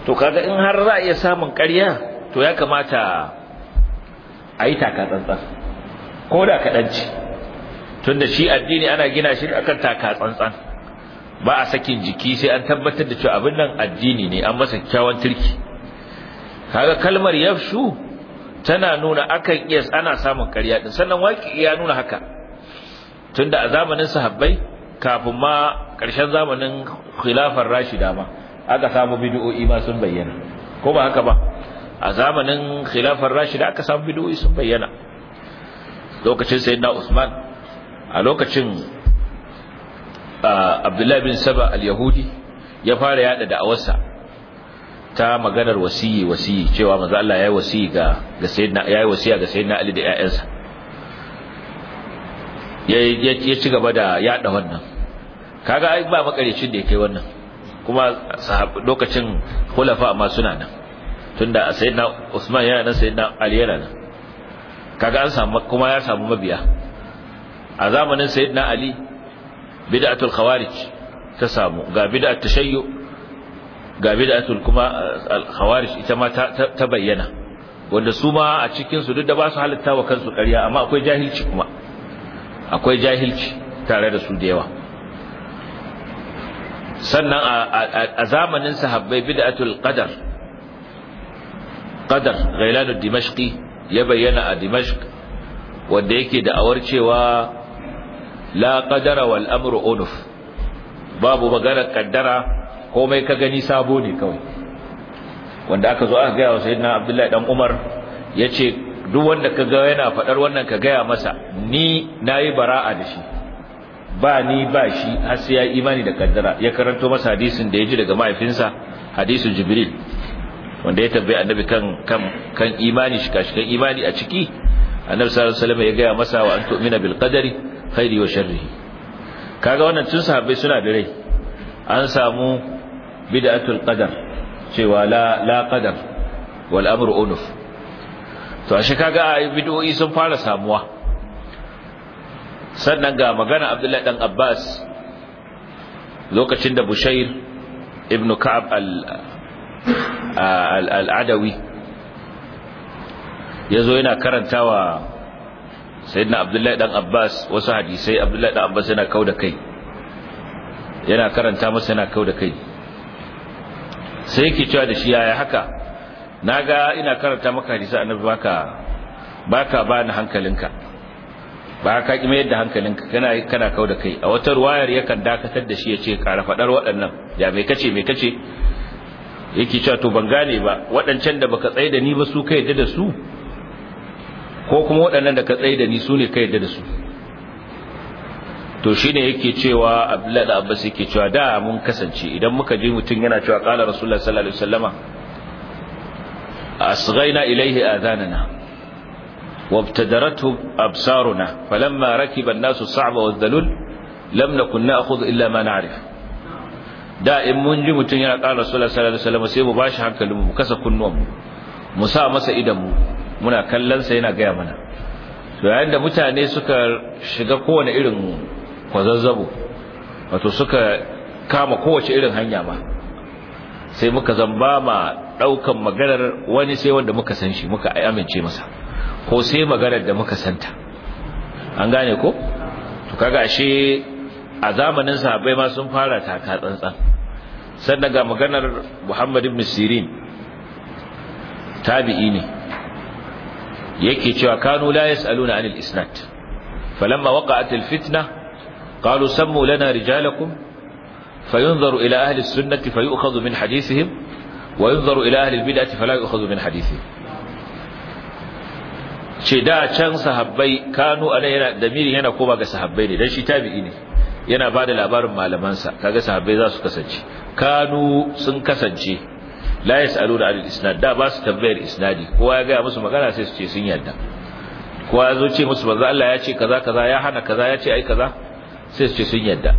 to kaga in har za a iya samun ƙarya to ya kamata a yi taka tsantsan ko da kaɗan ce tunda shi addini ana gina shi akan taka tsantsan ba a sakin jiki sai an tabbatar da cewa abin nan addini ne an masa kyakkyawan turki kaga kalmar yafshu tana nuna akan iya ana samun ƙarya din sannan waki ya nuna haka tunda a zamanin sahabbai kafin ma ƙarshen zamanin khilafar rashida ma aka samu bid'o'i ma sun bayyana ko ba haka ba a zamanin khilafar rashida aka samu bid'o'i sun bayyana lokacin sayyidina Usman a lokacin ah, Abdullahi bin Saba al-Yahudi ya fara yada da'awarsa ta maganar wasiyi wasiyi cewa manzo Allah yayi wasiyi ga ga sayyidina yayi wasiya ga sayyidina Ali da ƴaƴansa ya ya ci gaba da yada wannan kaga ai ba makarecin da yake wannan kuma sahabu lokacin khulafa ma suna nan tunda sayyidina Usman yana nan sayyidina Ali yana nan kaga an samu kuma ya samu mabiya a zamanin sayyidina Ali bid'atul khawarij ta samu ga bid'at tashayyu ga bid'atul kuma uh, khawarij ita ma ta bayyana wanda su ma a cikin su duk da ba su halitta wa kansu ƙarya amma akwai jahilci kuma akwai jahilci tare da su da yawa sannan a zamanin sahabbai bid'atul qadar qadar ghailanud dimashqi ya bayyana a dimashq wanda yake da awar cewa la qadara wal amru unuf babu maganar kaddara komai ka gani sabo ne kawai wanda aka zo aka gaya wa sayyidina abdullahi dan umar ya ce duk wanda ka ga yana faɗar wannan ka gaya masa ni na yi bara'a da shi ba ni ba shi har sai ya imani da kaddara ya karanto masa hadisin da ya ji daga mahaifinsa Hadisu jibril wanda ya tambayi annabi kan kan kan imani kan imani a ciki annabi sallallahu alaihi wasallam ya gaya masa wa an tu'mina bil qadari khairi wa sharri kaga wannan tun sahabbai suna da rai an samu bid'atul qadar cewa la la qadar wal amru unuf to ashe kaga bid'o'i sun fara samuwa sannan ga magana Abdullahi dan Abbas lokacin da Bushair ibn Ka'ab al al-Adawi yazo yana karantawa sayyidina Abdullahi dan Abbas wasu hadisi Abdullahi dan Abbas yana kauda kai yana karanta masa yana kauda kai sai yake cewa da shi yaya haka naga ina karanta maka hadisi annabi baka baka bani hankalinka ba ka kima yadda hankalinka kana kana kau da kai a wata ruwayar yakan dakatar da shi ya ce kara fadar waɗannan ya me kace me kace yake cewa to ban gane ba waɗancan da baka tsaye da ni ba su kai da su ko kuma waɗannan da ka tsaye da ni su ne kai da su to shine yake cewa Abdullahi da Abbas yake cewa da mun kasance idan muka ji mutum yana cewa qala rasulullahi sallallahu alaihi wasallama asghaina ilaihi adhanana وابتدرته أبصارنا فلما ركب الناس الصعب والذلول لم نكن نأخذ إلا ما نعرف da in mun ji mutum yana ƙara rasulullah sallallahu alaihi wasallam sai mu bashi hankalin mu kasa kunnuwan mu mu sa masa idan muna kallon sa yana gaya mana to yayin da mutane suka shiga kowane irin kwazazzabo wato suka kama kowace irin hanya ba sai muka zamba ma daukan maganar wani sai wanda muka san shi muka amince masa ko sai maganar da muka santa an gane ko to kaga ashe a zamanin sahabbai ma sun fara taka tsantsan sannan ga maganar Muhammad ibn Sirin tabi'i ne yake cewa kanu la yasaluna anil isnad falamma waqa'at al fitnah قالوا سموا لنا رجالكم فينظر إلى أهل السنة فيؤخذ من حديثهم وينظر إلى أهل البدعة فلا يؤخذ من حديثهم ce da can sahabbai kanu ana yana damirin yana koma ga sahabbai ne dan shi tabi'i ne yana ba da labarin malamansa kaga sahabbai za su kasance kanu sun kasance la yasaluna alil isnad da ba su tambayar isnadi kowa ya ga musu magana sai su ce sun yadda kowa ya zo ce musu manzo Allah ya ce kaza kaza ya hana kaza ya ce ai kaza sai su ce sun yadda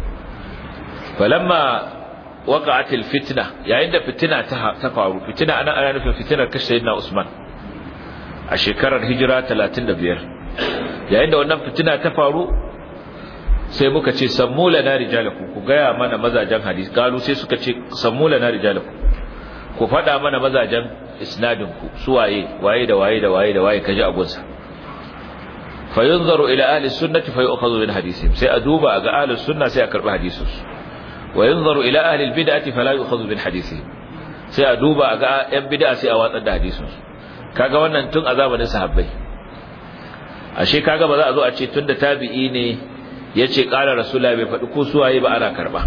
falamma waqa'atil fitna yayin da fitina ta faru fitina anan ana nufin fitinar kashe sayyidina Usman a shekarar hijira 35 yayin da wannan fitina ta faru sai muka ce sammu na rijalaku ku gaya mana mazajen hadis galu sai suka ce sammu na rijalaku ku faɗa mana mazajen isnadinku su waye waye da waye da waye da waye kaji abunsa fa yunzaru ila ahli sunnati fa yu'khadhu min hadisihim sai a duba ga ahli sunna sai a karbi hadisin su wa yunzaru ila ahli albid'ati fala yu'khadhu min hadisihim sai a duba ga yan bid'a sai a watsar da hadisin su kaga wannan tun a zamanin sahabbai ashe kaga ba za a zo a ce tun da tabi'i ne yace qala rasulullahi bai faɗi ko suwaye ba ana karba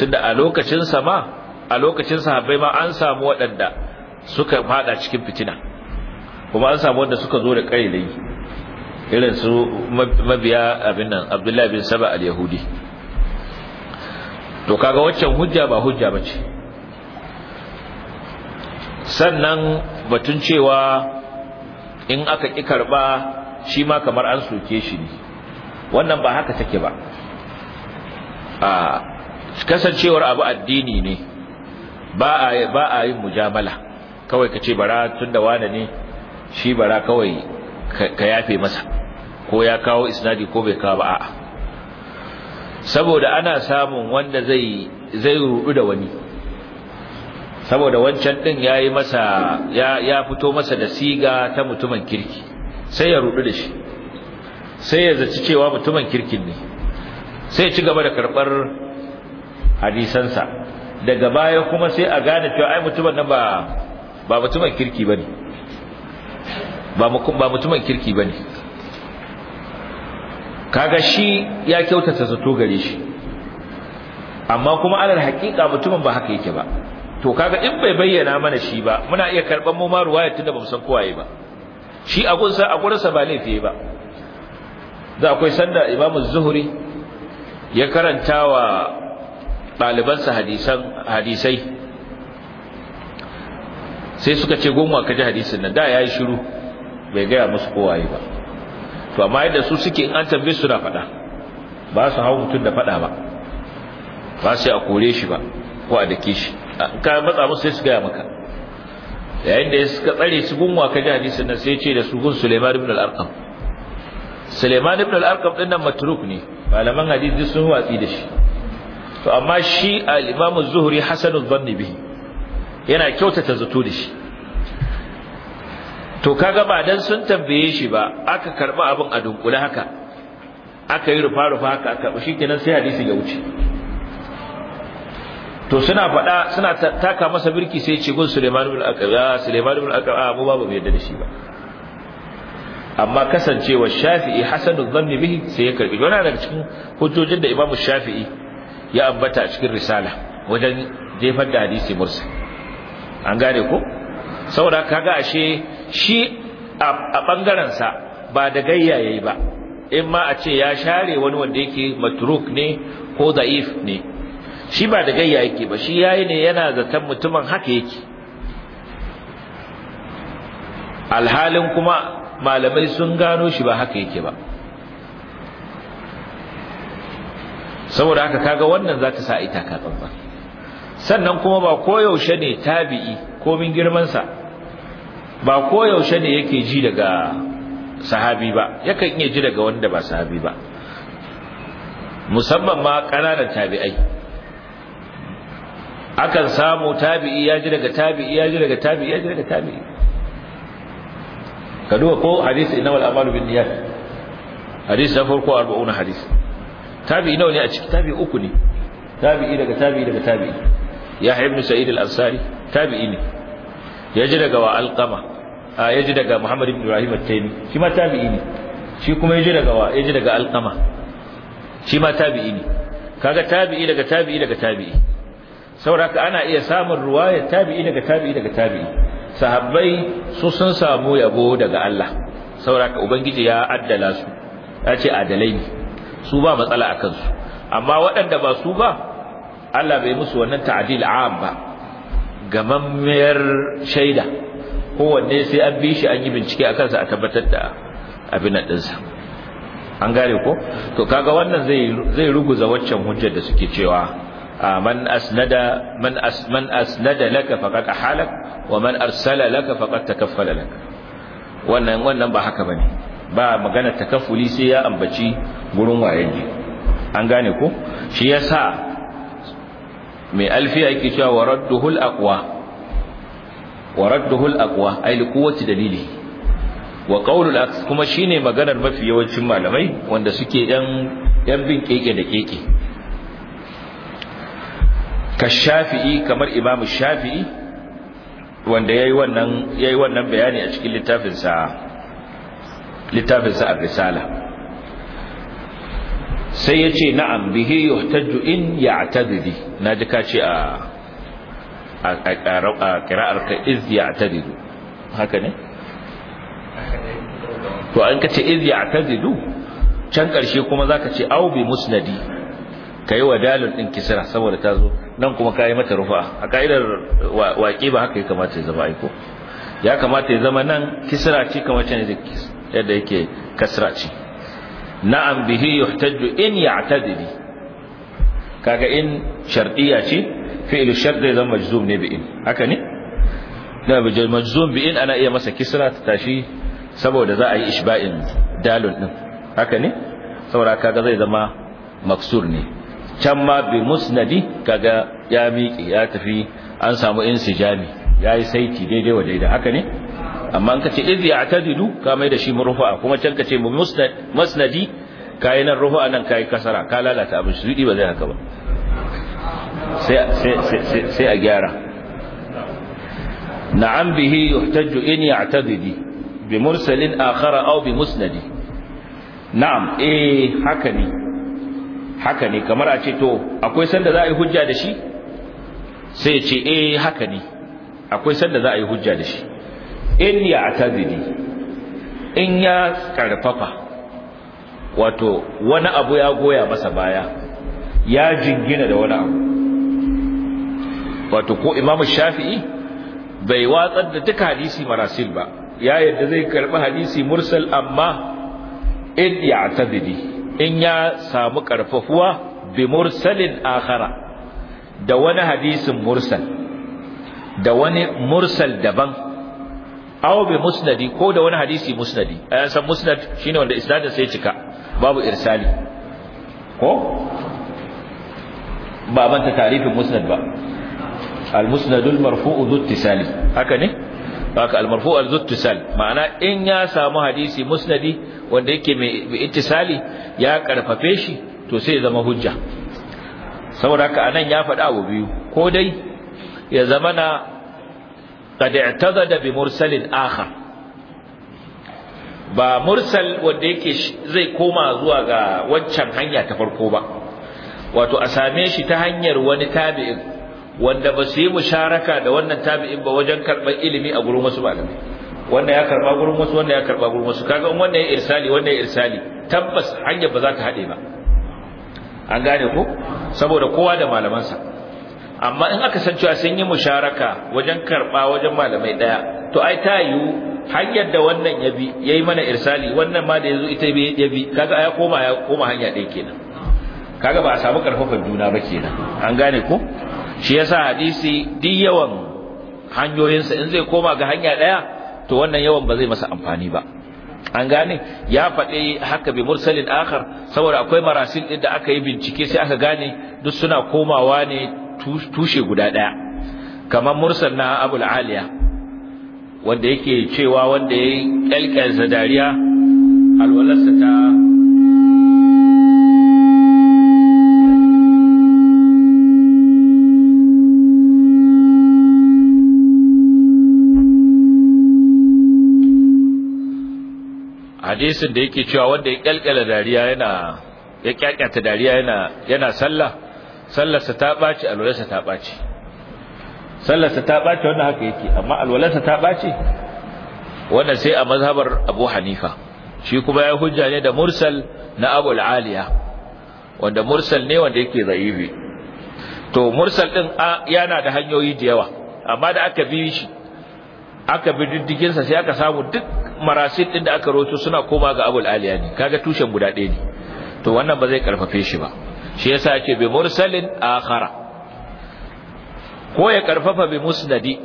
tunda a lokacin sa ma a lokacin sahabbai ma an samu waɗanda suka fada cikin fitina kuma an samu wanda suka zo da ƙailai irin su mabiya abin nan abdullahi bin saba al-yahudi to kaga waccan hujja ba hujja bace sannan batun cewa in aka ki karba shi ma kamar an soke shi ne wannan ba haka take ba a kasancewar abu addini ne ba a ba yin mujamala kawai kace bara tunda wane ne shi bara kawai ka yafe masa ko ya kawo isnadi ko bai kawo ba a'a saboda ana samun wanda zai zai rubu da wani saboda wancan din yayi masa ya ya fito masa da siga ta mutumin kirki sai ya rubu da shi sai ya zaci cewa mutumin kirkin ne sai ya ci gaba da karbar hadisansa daga baya kuma sai a gane cewa ai mutumin nan ba ba mutumin kirki bane ba ba mutumin kirki bane kaga shi ya kyautata zato gare shi amma kuma alal haƙiƙa mutumin ba haka yake ba to kaga in bai bayyana mana shi ba muna iya karɓar mu ma ruwaya tunda ba mu san kowaye ba shi a gunsa a gurasa ba laifi ba da akwai sanda imamu zuhuri ya karanta wa ɗalibansa hadisan hadisai sai suka ce goma ka ji hadisin nan da ya yi shiru bai gaya musu kowaye ba to amma yadda su suke in an tambaye su na faɗa ba su hau mutum da faɗa ba ba sai a kore shi ba ko a dake shi ka matsa musu sai su gaya maka yayin da suka tsare su gunwa ka jani hadisin sai ce da su gun Sulaiman ibn al-Arqam Sulaiman ibn al-Arqam din nan matruk ne malaman hadisi sun watsi da shi to amma shi al-Imam az-Zuhri hasanu dhanni bihi yana kyautata zato da shi to kaga ba dan sun tambaye shi ba aka karba abin a dunkule haka aka yi rufa rufa haka aka shi kenan sai hadisi ya wuce to suna faɗa suna taka masa birki sai ce gun Suleiman ibn Aqaba Suleiman ibn Aqaba mu ba mu yarda da shi ba amma kasancewa Shafi'i hasanu dhanni bihi sai ya karbi wannan daga cikin hujjojin da Imam Shafi'i ya ambata a cikin risala wajen jefar da hadisi mursal an gane ko saboda kaga ashe shi a ɓangarensa ba da gayyaye ba in ma a ce ya share wani wanda yake matruk ne ko da'if ne shi ba da gayya yake ba shi yayi ne yana zaton mutumin haka yake alhalin kuma malamai sun gano shi ba haka yake ba saboda haka kaga wannan za ta sa ita ka ba. sannan kuma ba koyaushe ne tabi'i komin girmansa ba koyaushe ne yake ji daga sahabi ba yakan iya ji daga wanda ba sahabi ba musamman ma kananan tabi'ai akan samu tabi'i ya ji daga tabi'i ya ji daga tabi'i ya ji daga tabi'i ka duba ko hadisi inawal amalu bin niyyat hadisi na farko 40 hadisi tabi'i nawa ne a cikin tabi'i uku ne tabi'i daga tabi'i daga tabi'i yahya ibn sa'id al-ansari tabi'i ne Yaji daga wa alqama ya ji daga muhammad ibn ibrahim at-taymi shi ma tabi'i ne shi kuma ya ji daga wa ya ji daga alqama shi ma tabi'i ne kaga tabi'i daga tabi'i daga tabi'i saboda ana iya samun ruwaya tabi'i daga tabi'i daga tabi'i sahabbai su sun samu yabo daga Allah saboda ubangiji ya addala su ya ce adalai ne su ba matsala a kansu amma waɗanda ba su ba Allah bai musu wannan ta'dil am ba gamammiyar shaida kowanne sai an bi shi an yi bincike a kansa a tabbatar da abin ɗinsa an gane ko to kaga wannan zai ruguza waccan hujjar da suke cewa man asnada man as man asnada laka faqad halak wa man arsala laka faqad takaffala lak wannan wannan ba haka bane ba magana takaffuli sai ya ambaci gurin wayenji an gane ko shi yasa mai alfiya ke cewa wa radduhul aqwa wa radduhul aqwa ay li quwwati dalili wa qawlul aks kuma shine maganar mafi yawancin malamai wanda suke yan yan bin keke da keke ka shafi'i kamar imam shafi'i wanda yayi wannan wannan bayani a cikin littafinsa a littafin sai ya ce na'am bihi yuhtaju in ya'tadidi na ji ka ce a kira'ar ka iz ya'tadidu haka ne? to an ka ce iz ya'tadidu can karshe kuma za ka ce au bi musnadi ka yi wa dalil ɗin kisira saboda ta zo nan kuma ka yi mata rufa a ka'idar waƙe ba haka ya kamata ya zama aiko ya kamata ya zama nan kisira ce kamar can yadda yake kasra ce na'am bihi yuhtajju in ya'tadi kaga in shar'iyya ce fi'l shart zai zama majzum ne bi in haka ne da bi majzum bi in ana iya masa kisra ta tashi saboda za a yi ishba'in dalun din haka ne saboda kaga zai zama maksur ne can ma bi musnadi kaga ya miƙi ya tafi an samu insijami yayi saiti daidai wa daidai haka ne amma an ce idh ya'tadidu ka mai da shi murfa kuma can ce musnad masnadi kai nan rufa nan kai kasara ka lalata abin shi ba zai haka ba sai sai sai a gyara na'am bihi yuhtaju in ya'tadidi bi mursalin akhara aw bi musnadi na'am eh haka ne haka ne kamar a ce to akwai sanda za a yi hujja da shi sai ya ce eh haka ne akwai sanda za a yi hujja da shi in ya atazidi in ya karfafa wato wani abu ya goya masa baya ya jingina da wani abu wato ko imam shafi'i bai watsar da duka hadisi marasil ba ya yadda zai karbi hadisi mursal amma in ya atazidi in ya samu karfafuwa bi mursalin akhara da wani hadisin mursal da wani mursal daban aw bi musnadi ko da wani hadisi musnadi a san musnad shine wanda isnadin sai cika babu irsali ko ba ban ta tarifin musnad ba al musnadul marfu'u dhu ittisali haka ne haka al marfu'u dhu ittisal ma'ana in ya samu hadisi musnadi wanda yake mai ittisali ya karfafe shi to sai ya zama hujja saboda haka anan ya faɗa abu biyu ko dai ya zamana قد اعتقد bi mursalin akhar ba mursal wanda yake zai koma zuwa ga waccan hanya ta farko ba wato a same shi ta hanyar wani tabi'in wanda ba su yi musharaka da wannan tabi'in ba wajen karɓar ilimi a gurin wasu malamai wanda ya karɓa gurin wasu wanda ya karɓa gurin wasu kaga in wannan ya irsali wanda ya irsali tabbas hanyar ba za ta haɗe ba an gane ko saboda kowa da malamansa amma in aka san cewa sun yi musharaka wajen karba wajen malamai ɗaya, to ai ta yiwu hanyar da wannan ya bi yayi mana irsali wannan ma da yazo ita bi ya bi kaga ya koma ya koma hanya ɗaya kenan kaga ba a samu karfafan juna ba kenan an gane ko shi yasa hadisi duk yawan hanyoyinsa in zai koma ga hanya ɗaya to wannan yawan ba zai masa amfani ba an gane ya faɗi haka bi mursalin akhar saboda akwai marasil din da aka yi bincike sai aka gane duk suna komawa ne tushe guda daya kamar mursal na abul aliya wanda yake cewa wanda yayi kalkalsa dariya alwalarsa ta hadisin da yake cewa wanda ya kyalkyala dariya yana ya kyakyata dariya yana yana sallah sallarsa ta ɓaci alwalarsa ta ɓaci sallarsa ta ɓaci wanda haka yake amma alwalarsa ta ɓaci wannan sai a mazhabar abu hanifa shi kuma ya hujja ne da mursal na abu al'aliya wanda mursal ne wanda yake za'ibi to mursal ɗin yana da hanyoyi da yawa amma da aka bi shi aka bi diddiginsa sai aka samu duk marasid ɗin da aka roto suna koma ga abu al'aliya ne kaga tushen guda ɗaya ne to wannan ba zai karfafe shi ba shi yasa ce bi mursalin akhara ko ya karfafa bi musnadi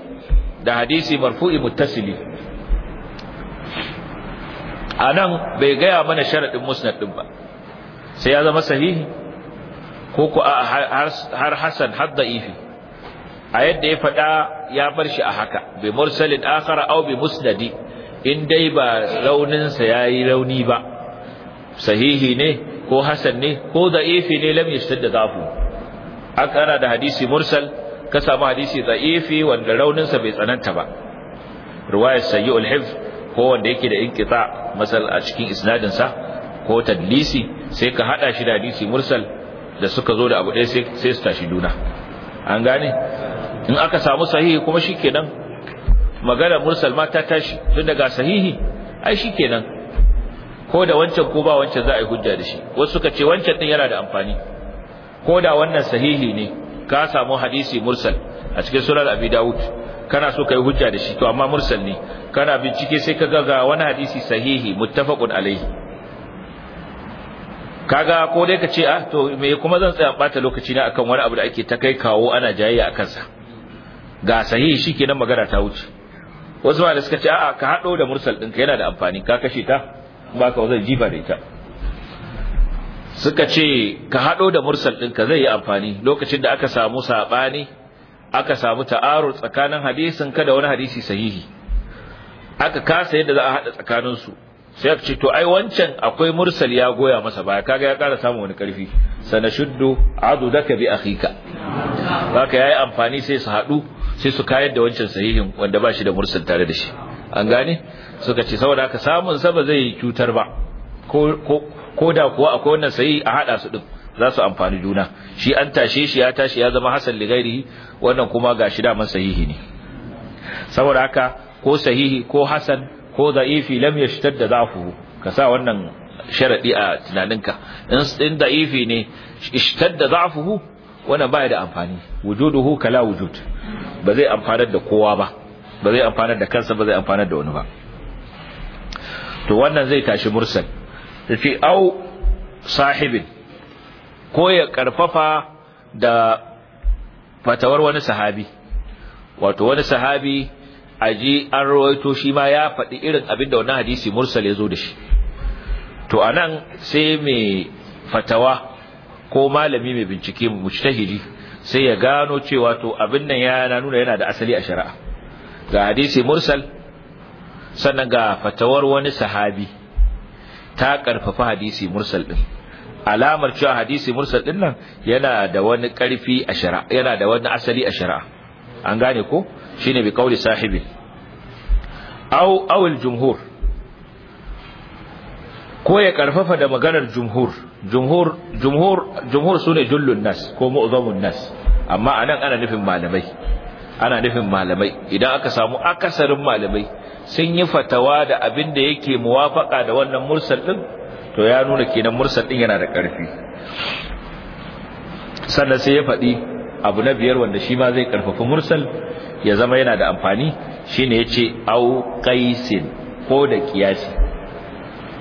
da hadisi marfu'i muttasili anan bai gaya mana sharadin musnad din ba sai ya zama sahihi ko ku har hasan har da'ifi a yadda ya faɗa ya bar shi a haka bi mursalin akhara aw bi musnadi in dai ba rauninsa yayi rauni ba sahihi ne ko hasan ne ko da'ifi ne lam yastadda da zafu ana da hadisi mursal ka samu hadisi da'ifi wanda raunin sa bai tsananta ba riwayat sayyul hif ko wanda yake da inqita masal a cikin isnadin sa ko tadlisi sai ka hada shi da hadisi mursal da suka zo da abu ɗaya sai sai su tashi juna an gane in aka samu sahihi kuma shikenan magana mursal ma ta tashi tun daga sahihi ai shikenan ko da wancan ko ba wancan za a yi hujja da shi wasu suka ce wancan din yana da amfani ko da wannan sahihi ne ka samu hadisi mursal a cikin sunan abi dawud kana so yi hujja da shi to amma mursal ne kana bincike sai ka ga wani hadisi sahihi muttafaqun alaihi kaga ko dai ka ce ah to me kuma zan tsaya bata lokaci na akan wani abu da ake ta kai kawo ana jayayya akan sa ga sahihi shikenan magana ta wuce wasu ma da suka ce a'a ka haɗo da mursal ɗinka yana da amfani ka kashe ta baka zai da ita suka ce ka haɗo da mursal ɗinka zai yi amfani lokacin da aka samu saɓani aka samu ta'aru tsakanin hadisin ka da wani hadisi sahihi aka kasa yadda za a haɗa tsakaninsu sai ka ce to ai wancan akwai mursal ya goya masa baya kaga ya ƙara samun wani ƙarfi sana shuddu adu daka bi akhika baka yayi amfani sai su haɗu sai su kayar da wancan sahihin wanda ba shi da mursal tare da shi an gane suka ce saboda haka samun sa ba zai cutar ba ko da kuwa akwai wannan sai a hada su din za su amfani juna shi an tashe shi ya tashi ya zama hasan ligairi wannan kuma ga shi daman sahihi ne saboda haka ko sahihi ko hasan ko da'ifi lam yashtadda da ka sa wannan sharadi a tunaninka in da'ifi ne ishtar da zafuhu wannan baya da amfani wujuduhu kala wujud ba zai amfanar da kowa ba ba zai amfanar da kansa ba zai amfanar da wani ba to wannan zai tashi mursal fi au sahibin ko ya karfafa da fatawar wani sahabi wato wani sahabi aji an rawaito shi ma ya faɗi irin abin da wannan hadisi mursal ya zo da shi to anan sai mai fatawa ko malami mai bincike mujtahidi sai ya gano cewa to abin nan ya nuna yana da asali a shari'a ga hadisi mursal sannan ga fatawar wani sahabi ta karfafa hadisi mursal din alamar cewa hadisi mursal din nan yana da wani karfi a shari'a yana da wani asali a shari'a an gane ko shine bi kauli sahibi aw aw al jumhur ko ya karfafa da maganar jumhur jumhur jumhur jumhur sune jullun nas ko mu'zamun nas amma anan ana nufin malamai ana nufin malamai idan aka samu akasarin malamai sun yi fatawa da abin da yake muwafaka da wannan mursal din to ya nuna kenan mursal din yana da ƙarfi sannan sai ya faɗi abu na biyar wanda shi ma zai ƙarfafa mursal ya zama yana da amfani shine yace au qaisin ko da qiyasi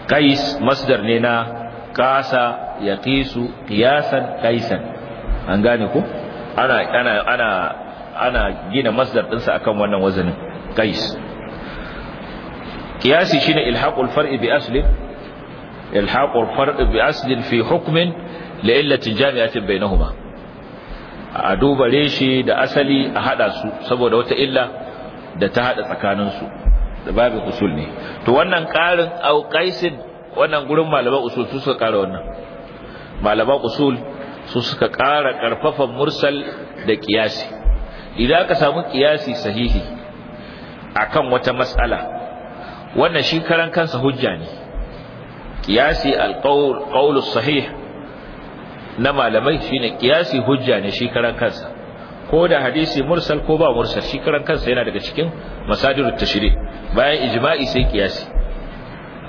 qais masdar ne na qasa yaqisu qiyasan qaisan an gane ko ana ana ana ana gina masdar dinsa akan wannan wazanin qais kiyasi shine ilhaqul far'i bi aslin ilhaqul far'i bi aslin fi hukmin li illatin jami'atin bainahuma a duba reshi da asali a hada su saboda wata illa da ta hada tsakanin su da babu usul ne to wannan karin au qaisin wannan gurin malaman usul su suka kara wannan malaman usul su suka kara karfafan mursal da kiyasi idan ka samu kiyasi sahihi akan wata matsala. wannan shi karan kansa hujja ne qiyasi alqaul sahih na malamai shine qiyasi hujja ne shi karan kansa ko da hadisi mursal ko ba mursal shi karan kansa yana daga cikin masadirut tashri bayan ijma'i sai qiyasi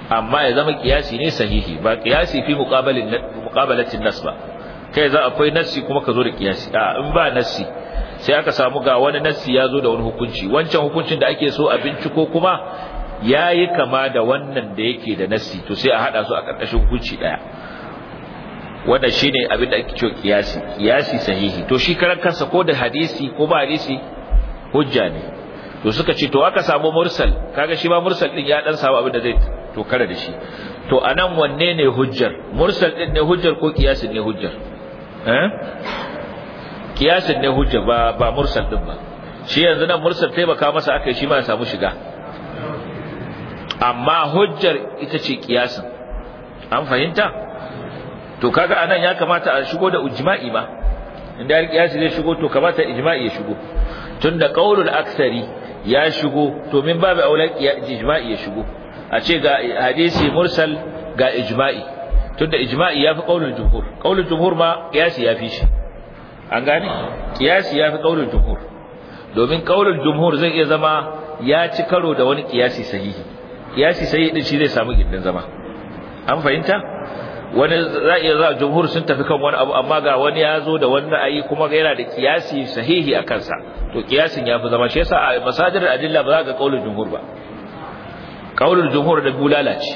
amma ya zama qiyasi ne sahihi ba qiyasi fi muqabalin muqabalatin nas ba kai za akwai nassi kuma ka zo da qiyasi a in ba nassi sai aka samu ga wani nassi ya zo da wani hukunci wancan hukuncin da ake so a binciko kuma yayi kama da wannan da yake da nasi to sai a hada su a karkashin ɗaya. daya wannan ne abin da ake cewa kiyasi kiyasi sahihi to shi karan kansa ko da hadisi ko ba hadisi hujja ne to suka ce to aka samu mursal kaga shi ma mursal din ya dan samu abin da zai to kare da shi to anan wanne ne hujjar mursal din ne hujjar ko kiyasin ne hujjar eh kiyasin ne hujja ba ba mursal din ba shi yanzu nan mursal taimaka masa aka yi shi ma ya samu shiga amma hujjar ita ce kiyasin an fahimta to kaga anan ya kamata a shigo da ijma'i ba inda har kiyasi zai shigo to kamata ijma'i ya shigo tunda qaulul aksari ya shigo to min babu aula ijma'i ya shigo a ce ga hadisi mursal ga ijma'i tunda ijma'i yafi qaulul jumhur qaulul jumhur ma kiyasi yafi shi an gane kiyasi yafi qaulul jumhur domin qaulul jumhur zai iya zama ya ci karo da wani kiyasi sahihi kiyasi sai din shi zai samu gindin zama an fahimta wani za iya za jumhur sun tafi kan wani abu amma ga wani ya zo da wani ra'ayi kuma yana da kiyasi sahihi a kansa to kiyasin ya fi zama shi yasa a masajir adilla ba za ga kaulin jumhur ba kaulin jumhur da bulala ce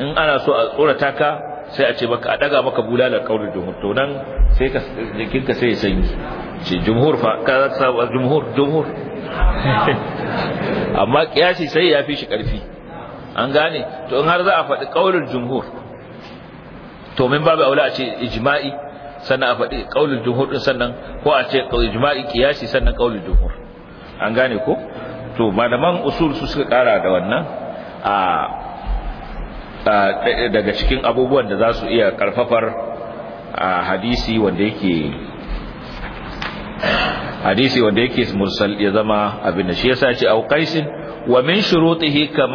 in ana so a tsorata ka sai a ce maka a daga maka bulalar kaulin jumhur to nan sai ka ka sai ya sanyi ce jumhur fa ka za ka jumhur jumhur amma kiyasi sai ya fi shi karfi an gane to in har za a faɗi ƙaunar jumhur to min babu aula a ce ijma'i sannan a faɗi ƙaunar jumhur ɗin sannan ko a ce ijma'i kiyasi sannan ƙaunar jumhur an gane ko to malaman usul su suka ƙara da wannan a daga cikin abubuwan da za su iya karfafar a hadisi wanda yake hadisi wanda yake mursal ya zama abin da shi yasa ce au qaisin wa min shurutihi kama